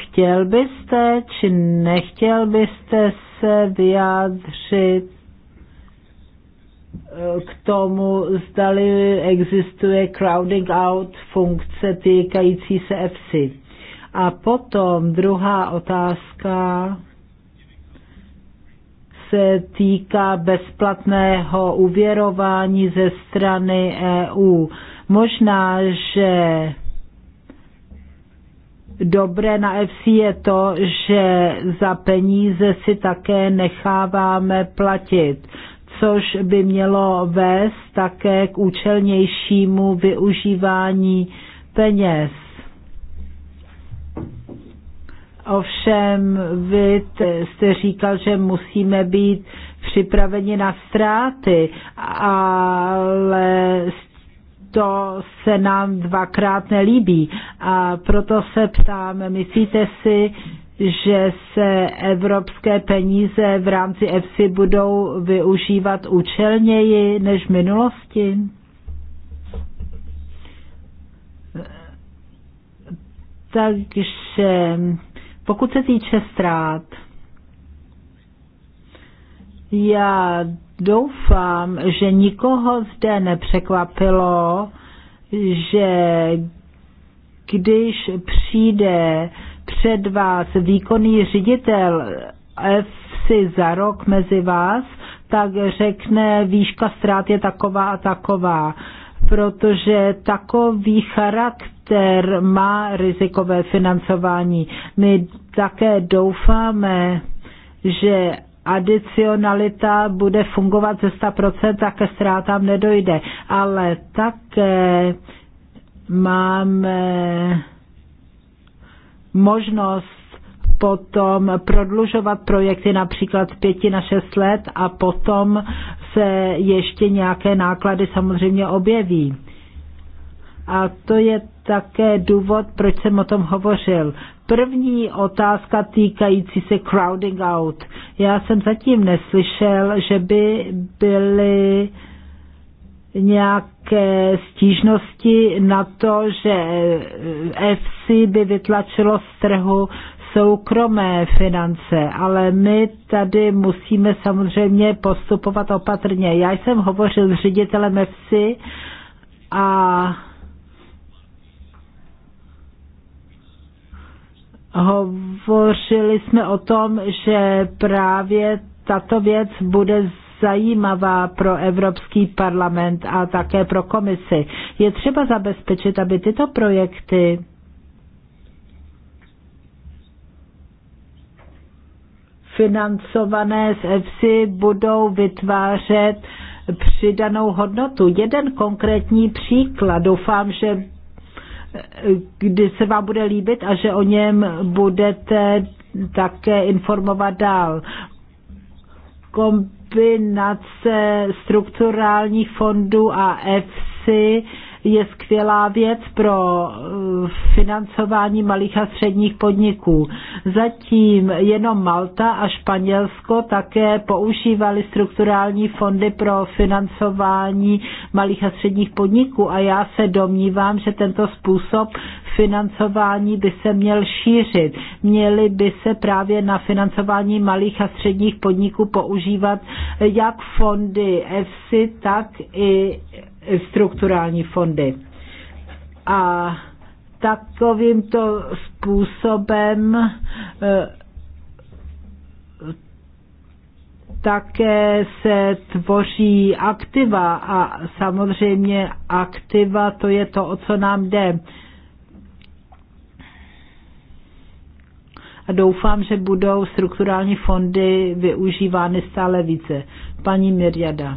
Chtěl byste či nechtěl byste se vyjádřit eh, k tomu, zdali existuje crowding out funkce týkající se EFSI. A potom druhá otázka se týká bezplatného uvěrování ze strany EU. Možná, že dobré na FC je to, že za peníze si také necháváme platit, což by mělo vést také k účelnějšímu využívání peněz. Ovšem, vy jste říkal, že musíme být připraveni na ztráty, ale s to se nám dvakrát nelíbí. A proto se ptám, myslíte si, že se evropské peníze v rámci EFSI budou využívat účelněji než v minulosti? Takže pokud se týče ztrát, já Doufám, že nikoho zde nepřekvapilo, že když přijde před vás výkonný ředitel FC za rok mezi vás, tak řekne, výška ztrát je taková a taková, protože takový charakter má rizikové financování. My také doufáme, že adicionalita bude fungovat ze 100%, tak ke ztrátám nedojde. Ale také máme možnost potom prodlužovat projekty například z pěti na šest let a potom se ještě nějaké náklady samozřejmě objeví. A to je také důvod, proč jsem o tom hovořil. První otázka týkající se crowding out. Já jsem zatím neslyšel, že by byly nějaké stížnosti na to, že FC by vytlačilo z trhu soukromé finance, ale my tady musíme samozřejmě postupovat opatrně. Já jsem hovořil s ředitelem FC a Hovořili jsme o tom, že právě tato věc bude zajímavá pro Evropský parlament a také pro komisi. Je třeba zabezpečit, aby tyto projekty financované z EFSI budou vytvářet přidanou hodnotu. Jeden konkrétní příklad, doufám, že kdy se vám bude líbit a že o něm budete také informovat dál. Kombinace strukturálních fondů a EFSI je skvělá věc pro eh, financování malých a středních podniků. Zatím jenom Malta a Španělsko také používali strukturální fondy pro financování malých a středních podniků a já se domnívám, že tento způsob financování by se měl šířit. Měly by se právě na financování malých a středních podniků používat jak fondy EFSI, tak i strukturální fondy. A takovýmto způsobem eh, také se tvoří aktiva a samozřejmě aktiva to je to, o co nám jde. A doufám, že budou strukturální fondy využívány stále více. Paní Mirjada.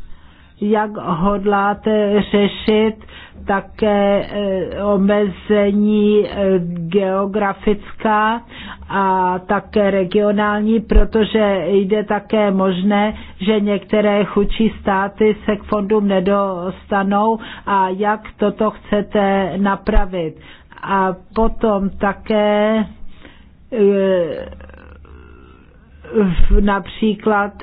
jak hodláte řešit také eh, omezení eh, geografická a také regionální, protože jde také možné, že některé chudší státy se k fondům nedostanou a jak toto chcete napravit. A potom také eh, například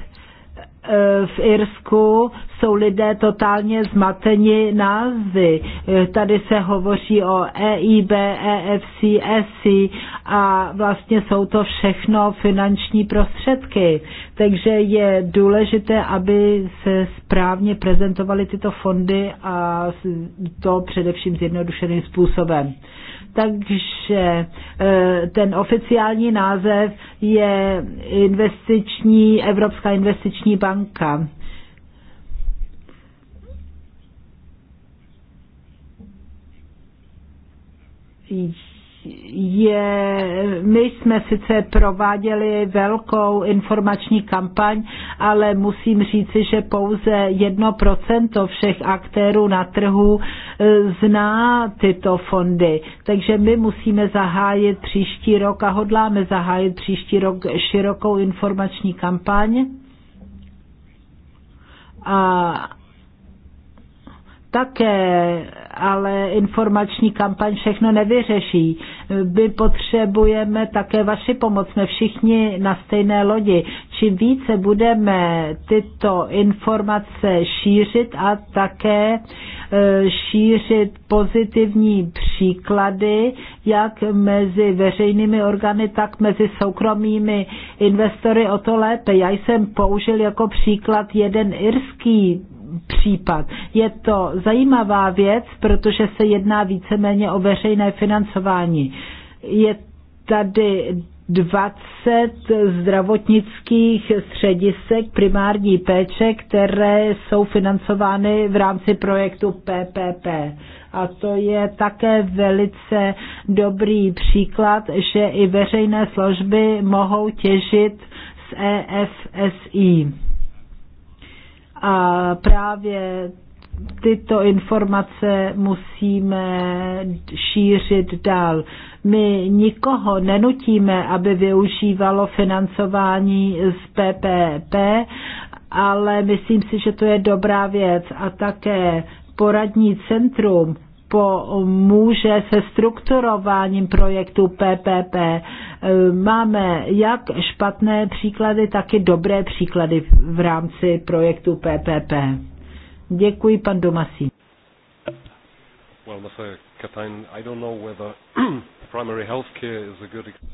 Eh, v Irsku jsou lidé totálně zmateni názvy. Eh, tady se hovoří o EIB, EFC, ESI a vlastně jsou to všechno finanční prostředky. Takže je důležité, aby se správně prezentovaly tyto fondy a to především zjednodušeným způsobem. Takže eh, ten oficiální název je investiční, Evropská investiční banka je, my jsme sice prováděli velkou informační kampaň, ale musím říci, že pouze jedno procento všech aktérů na trhu e, zná tyto fondy. Takže my musíme zahájit příští rok a hodláme zahájit příští rok širokou informační kampaň. A také, ale informační kampaň všechno nevyřeší. My potřebujeme také vaši pomoc. Jsme všichni na stejné lodi. Čím více budeme tyto informace šířit a také e, šířit pozitivní příklady, jak mezi veřejnými orgány, tak mezi soukromými investory, o to lépe. Já jsem použil jako příklad jeden irský případ. Je to zajímavá věc, protože se jedná víceméně o veřejné financování. Je tady 20 zdravotnických středisek primární péče, které jsou financovány v rámci projektu PPP. A to je také velice dobrý příklad, že i veřejné služby mohou těžit z EFSI. A právě tyto informace musíme šířit dál. My nikoho nenutíme, aby využívalo financování z PPP, ale myslím si, že to je dobrá věc. A také poradní centrum pomůže se strukturováním projektu PPP. Máme jak špatné příklady, tak i dobré příklady v rámci projektu PPP. Děkuji, pan Domasí. [clears throat]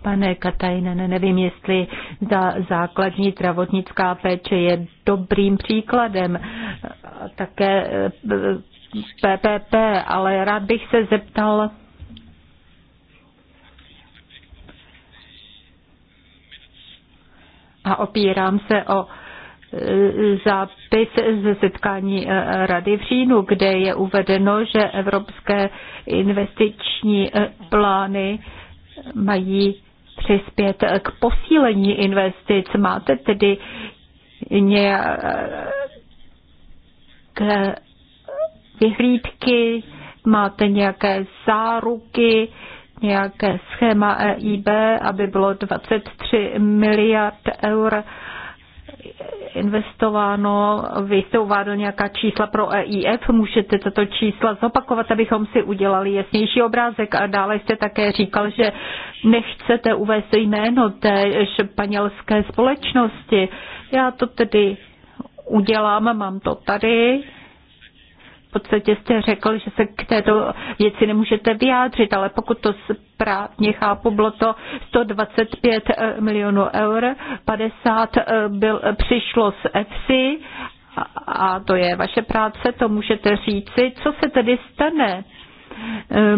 Pane Katajnen, nevím, jestli ta základní zdravotnická péče je dobrým příkladem. Také eh, PPP, ale rád bych se zeptal, a opírám se o e, zápis ze setkání e, Rady v říjnu, kde je uvedeno, že evropské investiční e, plány mají přispět k posílení investic. Máte tedy nějaké vyhlídky, máte nějaké záruky, nějaké schéma EIB, aby bylo 23 miliard eur investováno, vy jste uvádl nějaká čísla pro EIF, můžete tato čísla zopakovat, abychom si udělali jasnější obrázek a dále jste také říkal, že nechcete uvést jméno té španělské společnosti. Já to tedy udělám, mám to tady, podstatě jste řekl, že se k této věci nemůžete vyjádřit, ale pokud to správně chápu, bylo to 125 eh, milionů eur, 50 eh, byl, eh, přišlo z EFSI a to je vaše práce, to můžete říci. Co se tedy stane,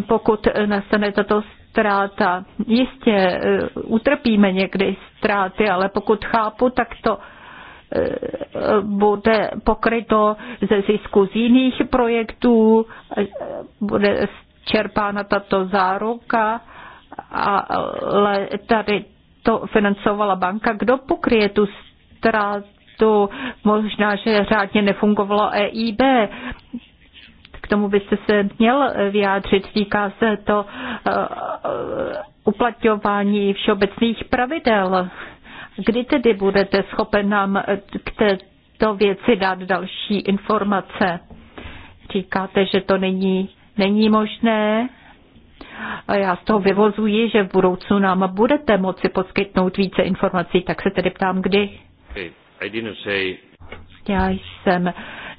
pokud nastane tato ztráta? Jistě utrpíme někdy ztráty, ale pokud chápu, tak to bude pokryto ze zisku z jiných projektů, bude čerpána tato záruka, ale tady to financovala banka. Kdo pokryje tu ztrátu? Možná, že řádně nefungovalo EIB. K tomu byste se měl vyjádřit. Týká se to eh, uplatňování všeobecných pravidel. Kdy tedy budete schopen nám eh, k této věci dát další informace? Říkáte, že to není, není možné. A já z toho vyvozuji, že v budoucnu nám budete moci poskytnout více informací, tak se tedy ptám, kdy. Já jsem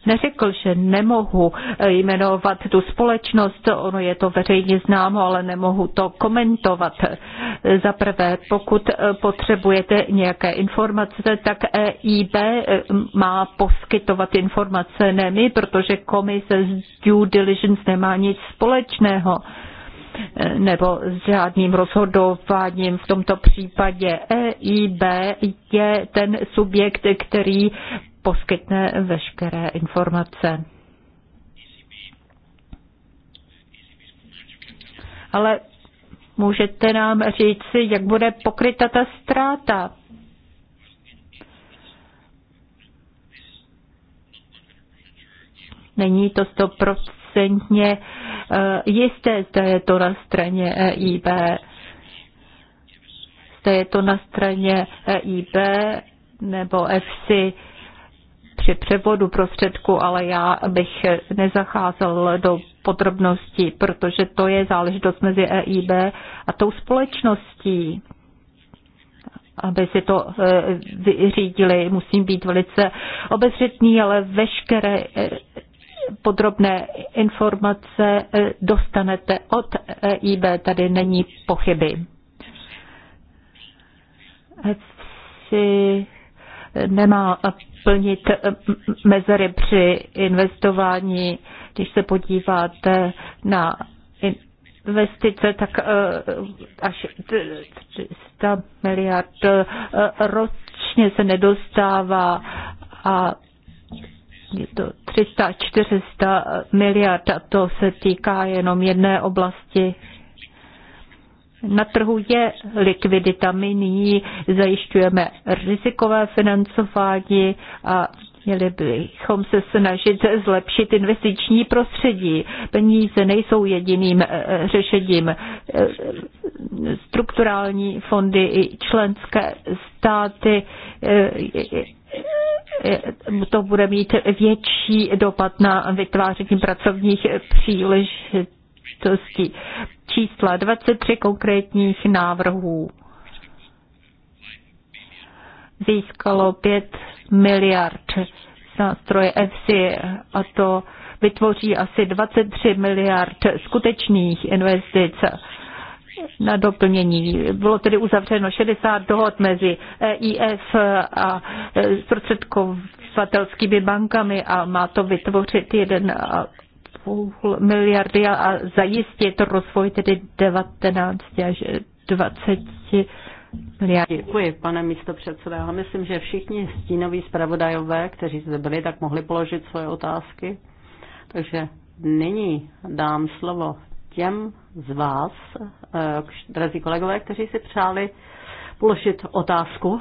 neřekl, že nemohu eh, jmenovat tu společnost, ono je to veřejně známo, ale nemohu to komentovat. Eh, za prvé, pokud eh, potřebujete nějaké informace, tak EIB má poskytovat informace, ne my, protože komise z due diligence nemá nic společného nebo s žádným rozhodováním. V tomto případě EIB je ten subjekt, který poskytne veškeré informace. Ale můžete nám říci, jak bude pokryta ta ztráta? Není to stoprocentně eh, jisté, zda je to na straně EIB, zda je to na straně EIB nebo FC? při převodu prostředku, ale já bych nezacházel do podrobností, protože to je záležitost mezi EIB a tou společností. Aby si to e, vyřídili, musím být velice obezřetný, ale veškeré e, podrobné informace e, dostanete od EIB, tady není pochyby. Si nemá plnit eh, mezery při investování. Když se podíváte na investice, tak eh, až 300 miliard eh, ročně se nedostává a je to 300-400 miliard a to se týká jenom jedné oblasti na trhu je likvidita. My nyní zajišťujeme rizikové financování a Měli bychom se snažit zlepšit investiční prostředí. Peníze nejsou jediným eh, eh, řešením. Eh, strukturální fondy i členské státy to bude mít větší dopad na vytváření pracovních příležitostí příležitosti Čísla 23 konkrétních návrhů získalo 5 miliard z nástroje EFSI a to vytvoří asi 23 miliard skutečných investic na doplnění. Bylo tedy uzavřeno 60 dohod mezi EIF a e, zprostředkovatelskými bankami a má to vytvořit jeden 2,5 miliardy a zajistit rozvoj tedy 19 až 20 miliard. Děkuji, pane místo předsedo. Já myslím, že všichni stínoví zpravodajové, kteří zde byli, tak mohli položit svoje otázky. Takže nyní dám slovo těm z vás, eh, drazí kolegové, kteří si přáli položit otázku.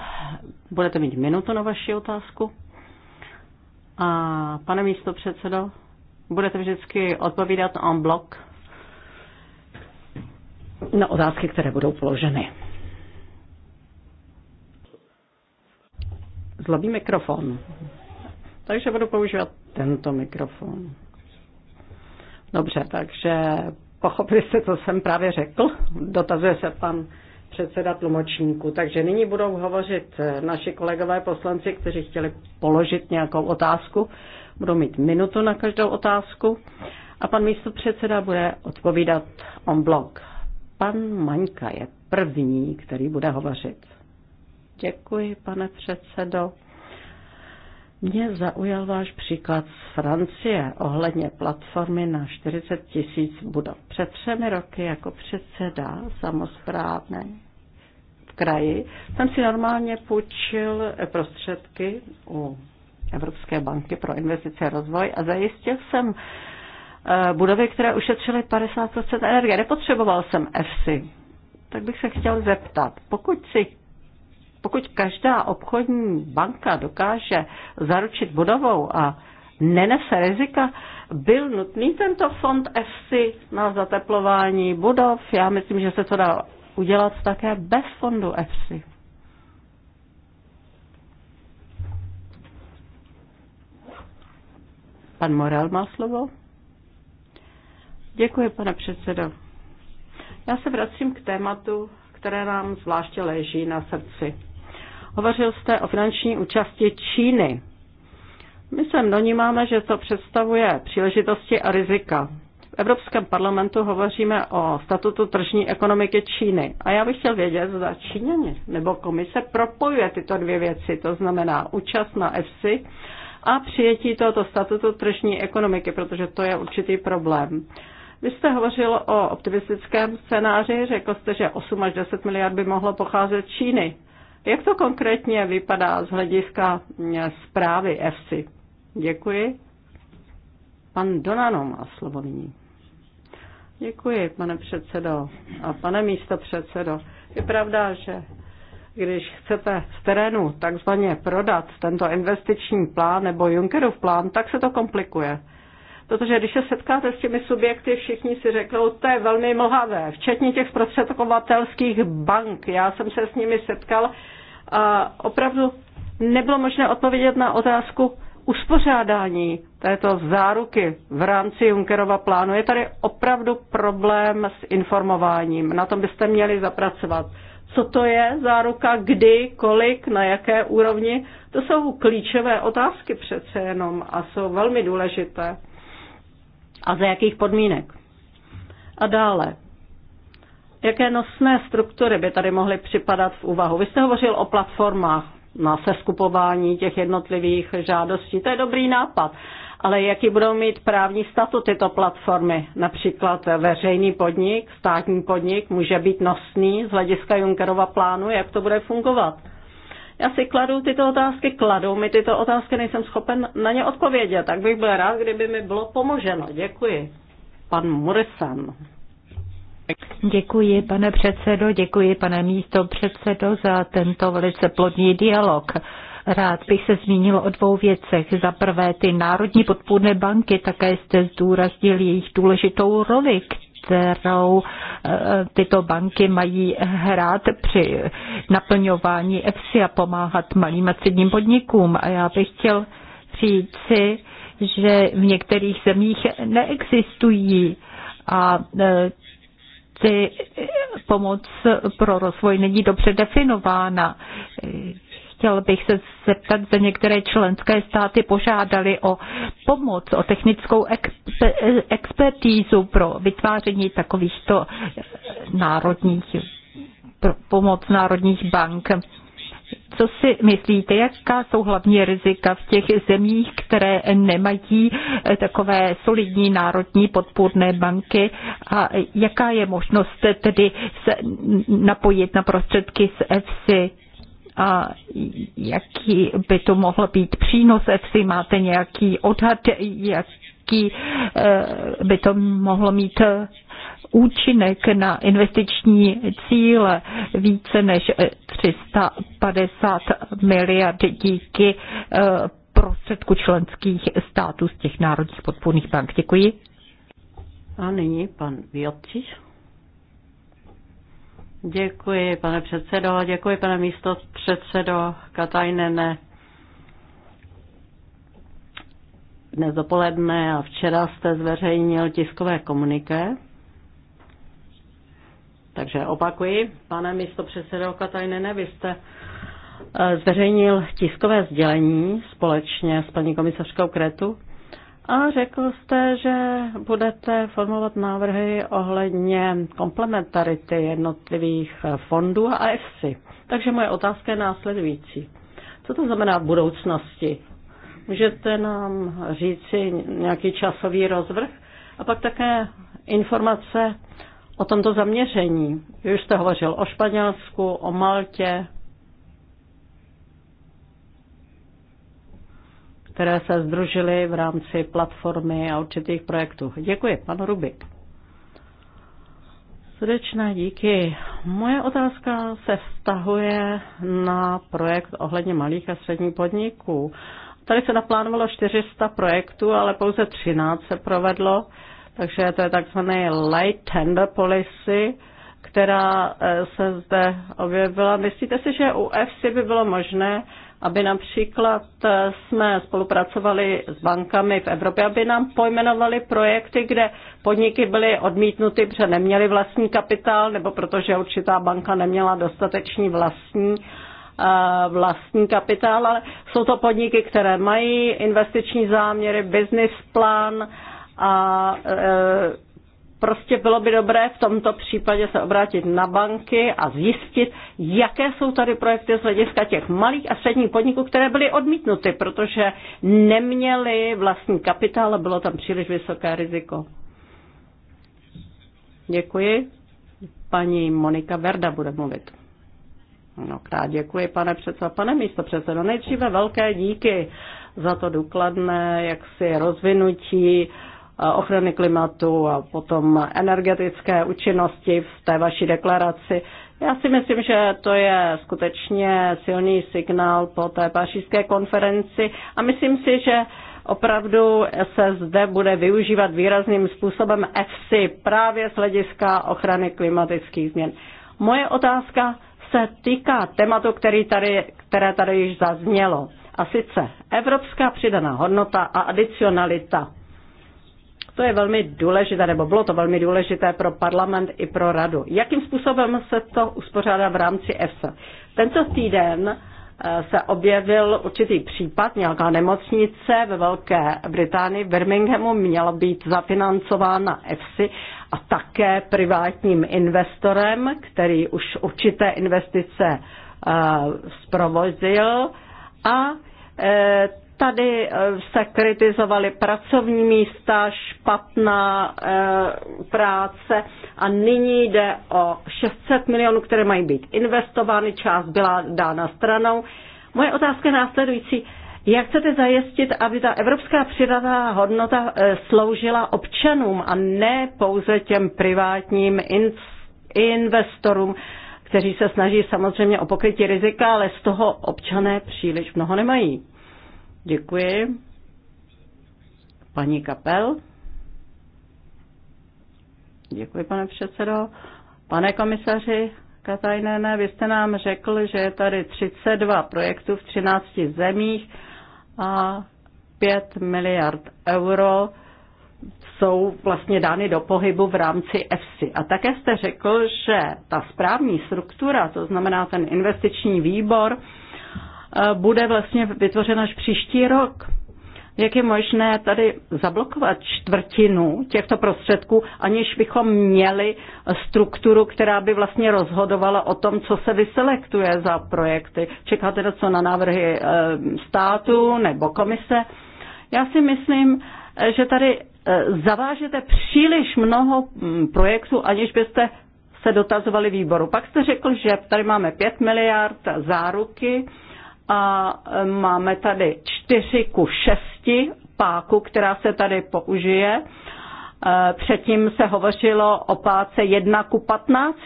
Budete mít minutu na vaši otázku. A pane místo předsedo, budete vždycky odpovídat on blok? na otázky, které budou položeny. Zlobí mikrofon. Takže budu používat tento mikrofon. Dobře, takže pochopili jste, co jsem právě řekl? Dotazuje se pan předseda tlumočníku. Takže nyní budou hovořit naši kolegové poslanci, kteří chtěli položit nějakou otázku budou mít minutu na každou otázku a pan místo předseda bude odpovídat on blog. Pan Maňka je první, který bude hovořit. Děkuji, pane předsedo. Mě zaujal váš příklad z Francie ohledně platformy na 40 tisíc budov. Před třemi roky jako předseda samozprávné v kraji jsem si normálně půjčil prostředky u Evropské banky pro investice a rozvoj a zajistil jsem eh, budovy, které ušetřily 50 energie. Nepotřeboval jsem EFSI. Tak bych se chtěl zeptat, pokud si pokud každá obchodní banka dokáže zaručit budovou a nenese rizika, byl nutný tento fond EFSI na zateplování budov? Já myslím, že se to dá udělat také bez fondu EFSI. Pan Morel má slovo. Děkuji, pane předsedo. Já se vracím k tématu, které nám zvláště leží na srdci. Hovořil jste o finanční účasti Číny. My se mnonímáme, že to představuje příležitosti a rizika. V Evropském parlamentu hovoříme o statutu tržní ekonomiky Číny. A já bych chtěl vědět, zda Číňani nebo komise propojuje tyto dvě věci, to znamená účast na EFSI a přijetí tohoto statutu tržní ekonomiky, protože to je určitý problém. Vy jste hovořil o optimistickém scénáři, řekl jste, že 8 až 10 miliard by mohlo pocházet z Číny. Jak to konkrétně vypadá z hlediska mm, zprávy EFSI? Děkuji. Pan Donano má slovo nyní. Děkuji, pane předsedo a pane místo předsedo. Je pravda, že když chcete z terénu takzvaně prodat tento investiční plán nebo Junckerův plán, tak se to komplikuje. Protože když se setkáte s těmi subjekty, všichni si řeknou, to je velmi mlhavé, včetně těch zprostředkovatelských bank. Já jsem se s nimi setkal a opravdu nebylo možné odpovědět na otázku uspořádání této záruky v rámci Junckerova plánu. Je tady opravdu problém s informováním. Na tom byste měli zapracovat co to je záruka, kdy, kolik, na jaké úrovni. To jsou klíčové otázky přece jenom a jsou velmi důležité. A za jakých podmínek? A dále. Jaké nosné struktury by tady mohly připadat v úvahu? Vy jste hovořil o platformách na seskupování těch jednotlivých žádostí. To je dobrý nápad ale jaký budou mít právní statut tyto platformy? Například veřejný podnik, státní podnik může být nosný z hlediska Junckerova plánu, jak to bude fungovat? Já si kladu tyto otázky, kladu mi tyto otázky, nejsem schopen na ně odpovědět, tak bych byl rád, kdyby mi bylo pomoženo. Děkuji. Pan Murisan. Děkuji, pane předsedo, děkuji, pane místo předsedo, za tento velice plodný dialog. Rád bych se zmínil o dvou věcech. Za prvé, ty národní podpůrné banky také jste zdůraznil jejich důležitou roli, kterou eh, tyto banky mají hrát při naplňování EFSI a pomáhat malým a středním podnikům. A já bych chtěl říci, že v některých zemích neexistují a eh, ty pomoc pro rozvoj není dobře definována. Chtěl bych se zeptat, že některé členské státy požádali o pomoc, o technickou expertízu pro vytváření takovýchto národních pro pomoc národních bank. Co si myslíte, jaká jsou hlavní rizika v těch zemích, které nemají eh, takové solidní národní podpůrné banky a jaká je možnost tedy se napojit na prostředky z EFSI? a jaký by to mohl být přínos jestli Máte nějaký odhad, jaký eh, by to mohlo mít eh, účinek na investiční cíle více než 350 eh, miliard díky prostředku členských států z těch národních podpůrných bank. Děkuji. A nyní pan Vyotřiš. Děkuji, pane předsedo, děkuji, pane místo předsedo Katajnene. Dnes dopoledne a včera jste zveřejnil tiskové komuniké. Takže opakuji, pane místo předsedo Katajnene, vy jste eh, zveřejnil tiskové sdělení společně s paní komisařkou Kretu a řekl jste, že budete formovat návrhy ohledně komplementarity jednotlivých fondů a EFSI. Takže moje otázka je následující. Co to znamená v budoucnosti? Můžete nám říci nějaký časový rozvrh? A pak také informace o tomto zaměření. Už jste hovořil o Španělsku, o Maltě, které se združily v rámci platformy a určitých projektů. Děkuji, pan Rubik. Srdečné díky. Moje otázka se vztahuje na projekt ohledně malých a středních podniků. Tady se naplánovalo 400 projektů, ale pouze 13 se provedlo, takže to je takzvaný light tender policy, která eh, se zde objevila. Myslíte si, že u EFSI by bylo možné aby například eh, jsme spolupracovali s bankami v Evropě, aby nám pojmenovali projekty, kde podniky byly odmítnuty, protože neměly vlastní kapitál nebo protože určitá banka neměla dostatečný vlastní eh, vlastní kapitál, ale jsou to podniky, které mají investiční záměry, business plán a eh, Prostě bylo by dobré v tomto případě se obrátit na banky a zjistit, jaké jsou tady projekty z hlediska těch malých a středních podniků, které byly odmítnuty, protože neměly vlastní kapitál a bylo tam příliš vysoké riziko. Děkuji. Paní Monika Verda bude mluvit. No, krát děkuji, pane předsedo. Pane místo předsedo, nejdříve velké díky za to důkladné, jak si rozvinutí uh, Eh, ochrany klimatu a potom energetické účinnosti v té vaší deklaraci. Já si myslím, že to je skutečně silný signál po té pařížské konferenci a myslím si, že opravdu se zde bude využívat výrazným způsobem EFSI právě z hlediska ochrany klimatických změn. Moje otázka se týká tématu, který tady, které tady již zaznělo. A sice evropská přidaná hodnota a adicionalita. To je velmi důležité, nebo bylo to velmi důležité pro parlament i pro radu. Jakým způsobem se to uspořádá v rámci EFSA? Tento týden eh, se objevil určitý případ, nějaká nemocnice ve Velké Británii v Birminghamu měla být zafinancována EFSI a také privátním investorem, který už určité investice eh, zprovozil a eh, Tady eh, se kritizovaly pracovní místa, špatná e, práce a nyní jde o 600 milionů, které mají být investovány, část byla dána stranou. Moje otázka je následující. Jak chcete zajistit, aby ta evropská přidaná hodnota eh, sloužila občanům a ne pouze těm privátním investorům, kteří se snaží samozřejmě o pokrytí rizika, ale z toho občané příliš mnoho nemají? Děkuji. Paní Kapel. Děkuji, pane předsedo. Pane komisaři Katajnene, vy jste nám řekl, že je tady 32 projektů v 13 zemích a 5 miliard euro jsou vlastně dány do pohybu v rámci EFSI. A také jste řekl, že ta správní struktura, to znamená ten investiční výbor, Eh, bude vlastně vytvořen až příští rok. Jak je možné tady zablokovat čtvrtinu těchto prostředků, aniž bychom měli strukturu, která by vlastně rozhodovala o tom, co se vyselektuje za projekty? Čekáte na co na návrhy eh, státu nebo komise? Já si myslím, že tady eh, zavážete příliš mnoho hm, projektů, aniž byste se dotazovali výboru. Pak jste řekl, že tady máme 5 miliard záruky a e, máme tady 4 ku 6 páku, která se tady použije. E, předtím se hovořilo o páce 1 ku 15.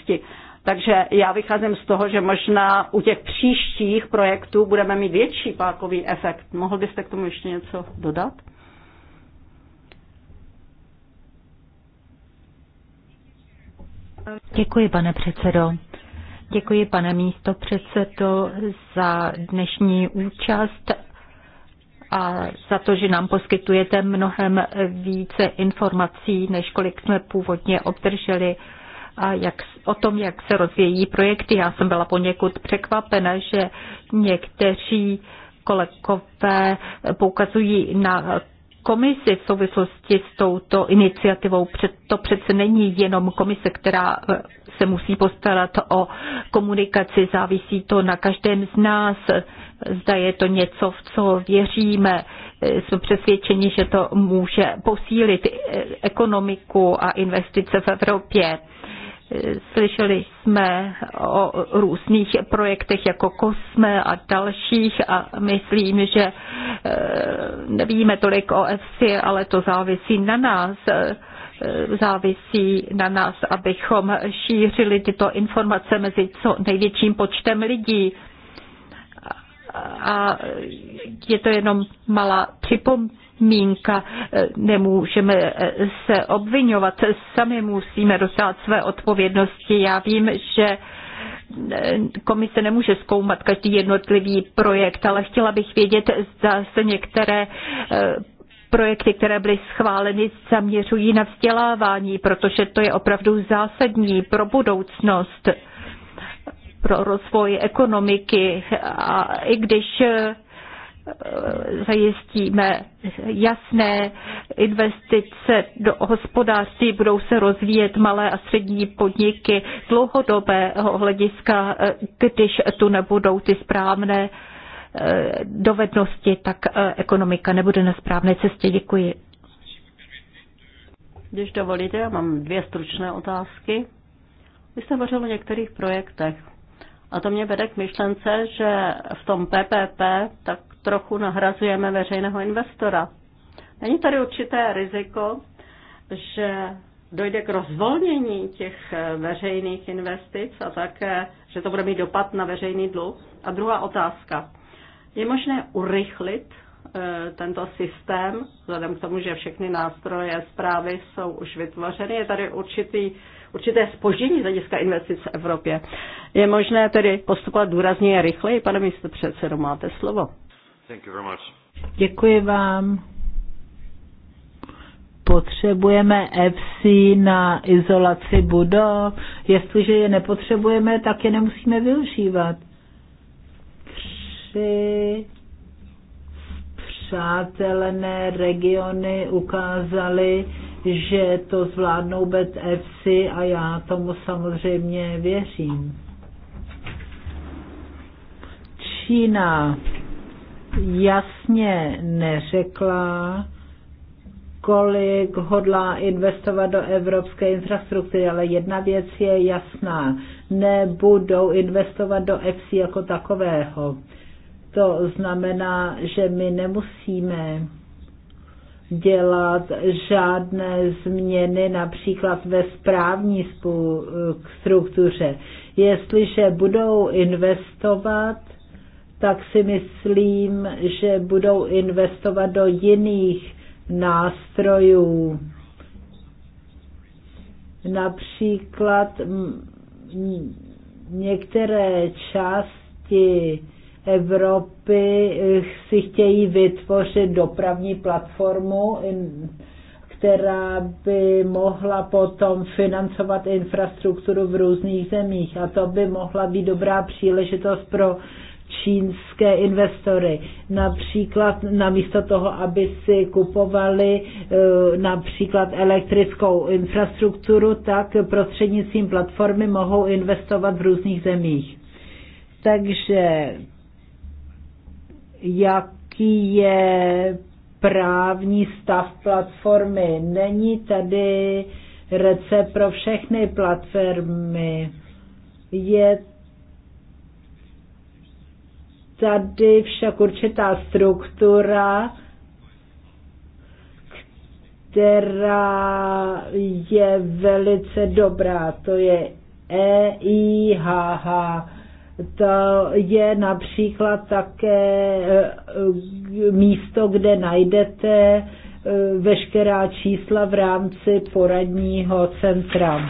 Takže já vycházím z toho, že možná u těch příštích projektů budeme mít větší pákový efekt. Mohl byste k tomu ještě něco dodat? Děkuji, pane předsedo. Děkuji, pane místo předsedo, za dnešní účast a za to, že nám poskytujete mnohem více informací, než kolik jsme původně obdrželi a jak, o tom, jak se rozvíjí projekty. Já jsem byla poněkud překvapena, že někteří kolegové poukazují na komisi v souvislosti s touto iniciativou. To přece není jenom komise, která se musí postarat o komunikaci, závisí to na každém z nás, zda je to něco, v co věříme. Jsme přesvědčeni, že to může posílit ekonomiku a investice v Evropě. Slyšeli jsme o různých projektech jako Kosme a dalších a myslím, že eh, nevíme tolik o EFSI, ale to závisí na nás závisí na nás, abychom šířili tyto informace mezi co největším počtem lidí. A je to jenom malá připomínka. Nemůžeme se obvinovat, sami musíme dostat své odpovědnosti. Já vím, že komise nemůže zkoumat každý jednotlivý projekt, ale chtěla bych vědět, zda se některé projekty, které byly schváleny, zaměřují na vzdělávání, protože to je opravdu zásadní pro budoucnost, pro rozvoj ekonomiky. A i když eh, zajistíme jasné investice do hospodářství, budou se rozvíjet malé a střední podniky dlouhodobého hlediska, eh, když tu nebudou ty správné Eh, dovednosti, tak eh, ekonomika nebude na správné cestě. Děkuji. Když dovolíte, já mám dvě stručné otázky. Vy jste hovořil o některých projektech a to mě vede k myšlence, že v tom PPP tak trochu nahrazujeme veřejného investora. Není tady určité riziko, že dojde k rozvolnění těch eh, veřejných investic a také, že to bude mít dopad na veřejný dluh? A druhá otázka. Je možné urychlit eh, tento systém, vzhledem k tomu, že všechny nástroje zprávy jsou už vytvořeny. Je tady určitý, určité spoždění z hlediska investic v Evropě. Je možné tedy postupovat důrazněji a rychleji? Pane místo předsedo, máte slovo. Thank you very much. Děkuji vám. Potřebujeme FC na izolaci budov. Jestliže je nepotřebujeme, tak je nemusíme využívat tři přátelné regiony ukázaly, že to zvládnou bez EFSI a já tomu samozřejmě věřím. Čína jasně neřekla, kolik hodlá investovat do evropské infrastruktury, ale jedna věc je jasná. Nebudou investovat do EFSI jako takového. To znamená, že my nemusíme dělat žádné změny například ve správní struktuře. Jestliže budou investovat, tak si myslím, že budou investovat do jiných nástrojů. Například některé části Evropy eh, si chtějí vytvořit dopravní platformu, která by mohla potom financovat infrastrukturu v různých zemích. A to by mohla být dobrá příležitost pro čínské investory. Například namísto toho, aby si kupovali eh, například elektrickou infrastrukturu, tak prostřednictvím platformy mohou investovat v různých zemích. Takže jaký je právní stav platformy. Není tady recept pro všechny platformy. Je tady však určitá struktura, která je velice dobrá. To je EIHH to je například také eh, místo, kde najdete eh, veškerá čísla v rámci poradního centra.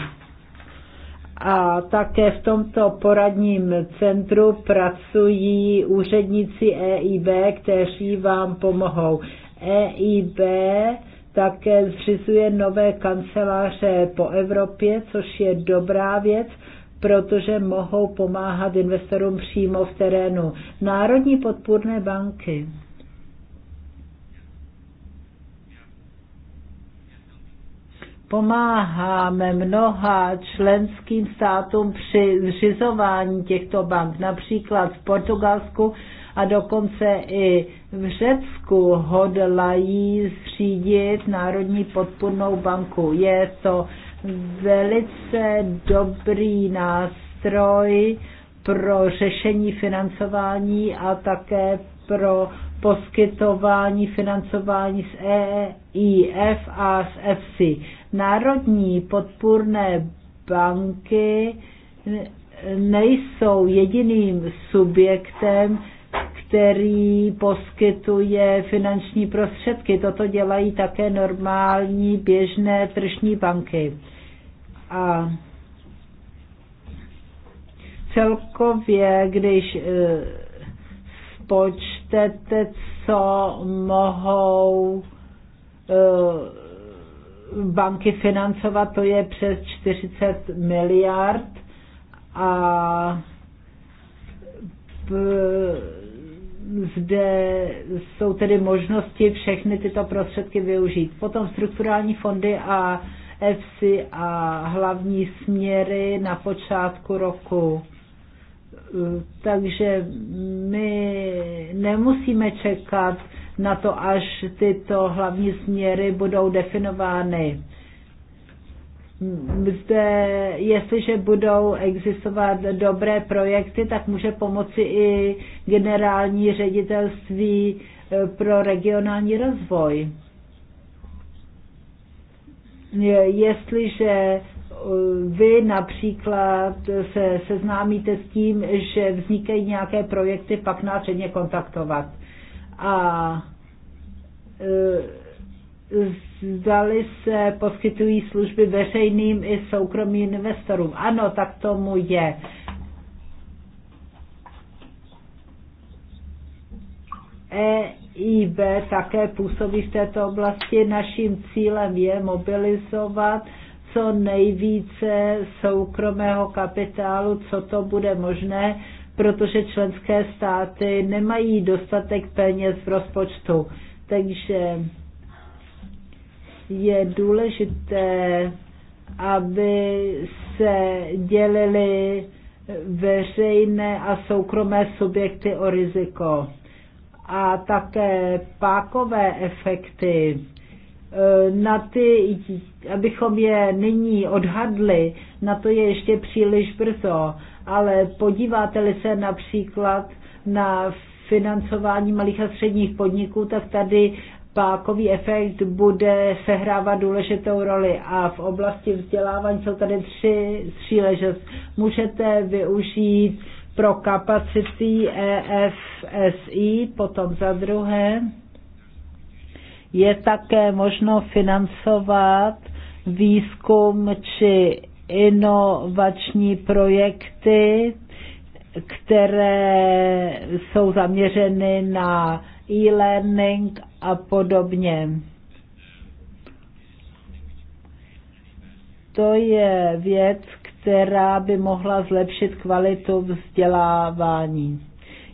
A také v tomto poradním centru pracují úředníci EIB, kteří vám pomohou. EIB také zřizuje nové kanceláře po Evropě, což je dobrá věc, protože mohou pomáhat investorům přímo v terénu. Národní podpůrné banky. Pomáháme mnoha členským státům při zřizování těchto bank, například v Portugalsku a dokonce i v Řecku hodlají zřídit Národní podpůrnou banku. Je to velice dobrý nástroj pro řešení financování a také pro poskytování financování z EIF a z EFSI. Národní podpůrné banky nejsou jediným subjektem, který poskytuje finanční prostředky. Toto dělají také normální běžné tržní banky. A celkově, když eh, spočtete, co mohou eh, banky financovat, to je přes 40 miliard a zde jsou tedy možnosti všechny tyto prostředky využít. Potom strukturální fondy a EFSI a hlavní směry na počátku roku. Takže my nemusíme čekat na to, až tyto hlavní směry budou definovány zde, jestliže budou existovat dobré projekty, tak může pomoci i generální ředitelství eh, pro regionální rozvoj. Jestliže eh, vy například se seznámíte s tím, že vznikají nějaké projekty, pak nás předně kontaktovat. A eh, zdali se poskytují služby veřejným i soukromým investorům. Ano, tak tomu je. EIB také působí v této oblasti. Naším cílem je mobilizovat co nejvíce soukromého kapitálu, co to bude možné, protože členské státy nemají dostatek peněz v rozpočtu. Takže je důležité, aby se dělily veřejné a soukromé subjekty o riziko. A také pákové efekty, e, na ty, abychom je nyní odhadli, na to je ještě příliš brzo, ale podíváte-li se například na financování malých a středních podniků, tak tady pákový efekt bude sehrávat důležitou roli a v oblasti vzdělávání jsou tady tři příležitosti. Můžete využít pro kapacity EFSI, potom za druhé je také možno financovat výzkum či inovační projekty, které jsou zaměřeny na e-learning a podobně. To je věc, která by mohla zlepšit kvalitu vzdělávání.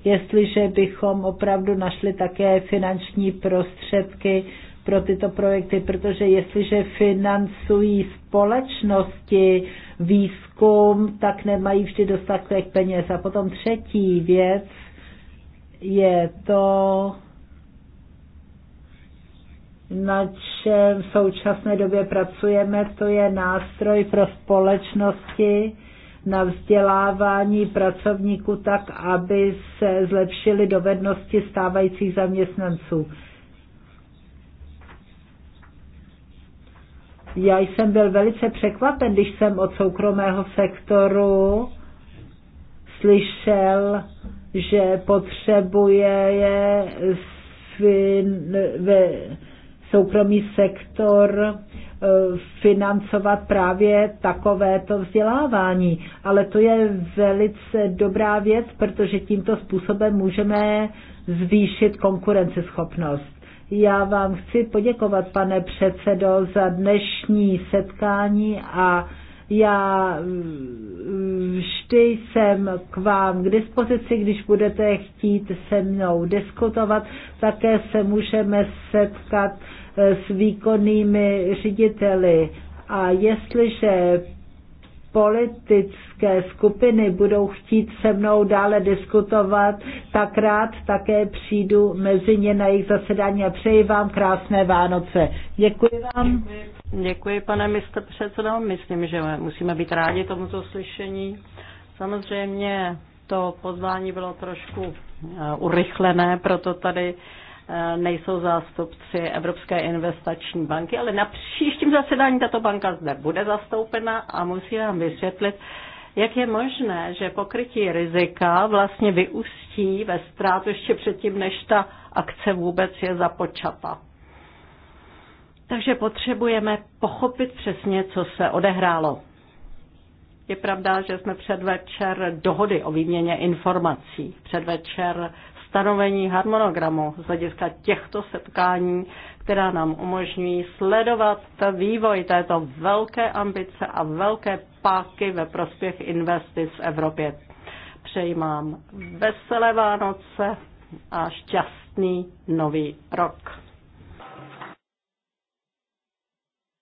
Jestliže bychom opravdu našli také finanční prostředky pro tyto projekty, protože jestliže financují společnosti výzkum, tak nemají vždy dostatek peněz. A potom třetí věc je to, na čem v současné době pracujeme, to je nástroj pro společnosti na vzdělávání pracovníků tak, aby se zlepšily dovednosti stávajících zaměstnanců. Já jsem byl velice překvapen, když jsem od soukromého sektoru slyšel, že potřebuje je svin, ve, soukromý sektor eh, financovat právě takovéto vzdělávání. Ale to je velice dobrá věc, protože tímto způsobem můžeme zvýšit konkurenceschopnost. Já vám chci poděkovat, pane předsedo, za dnešní setkání a já mm, vždy jsem k vám k dispozici, když budete chtít se mnou diskutovat. Také se můžeme setkat eh, s výkonnými řediteli. A jestliže politické skupiny budou chtít se mnou dále diskutovat, tak rád také přijdu mezi ně na jejich zasedání a přeji vám krásné Vánoce. Děkuji vám. Děkuji, pane mistr předsedo. Myslím, že musíme být rádi tomuto slyšení. Samozřejmě to pozvání bylo trošku eh, urychlené, proto tady eh, nejsou zástupci Evropské investační banky, ale na příštím zasedání tato banka zde bude zastoupena a musí nám vysvětlit, jak je možné, že pokrytí rizika vlastně vyústí ve ztrátu ještě předtím, než ta akce vůbec je započata. Takže potřebujeme pochopit přesně, co se odehrálo. Je pravda, že jsme předvečer dohody o výměně informací, předvečer stanovení harmonogramu z hlediska těchto setkání, která nám umožňují sledovat vývoj této velké ambice a velké páky ve prospěch investic v Evropě. Přeji vám veselé Vánoce a šťastný nový rok.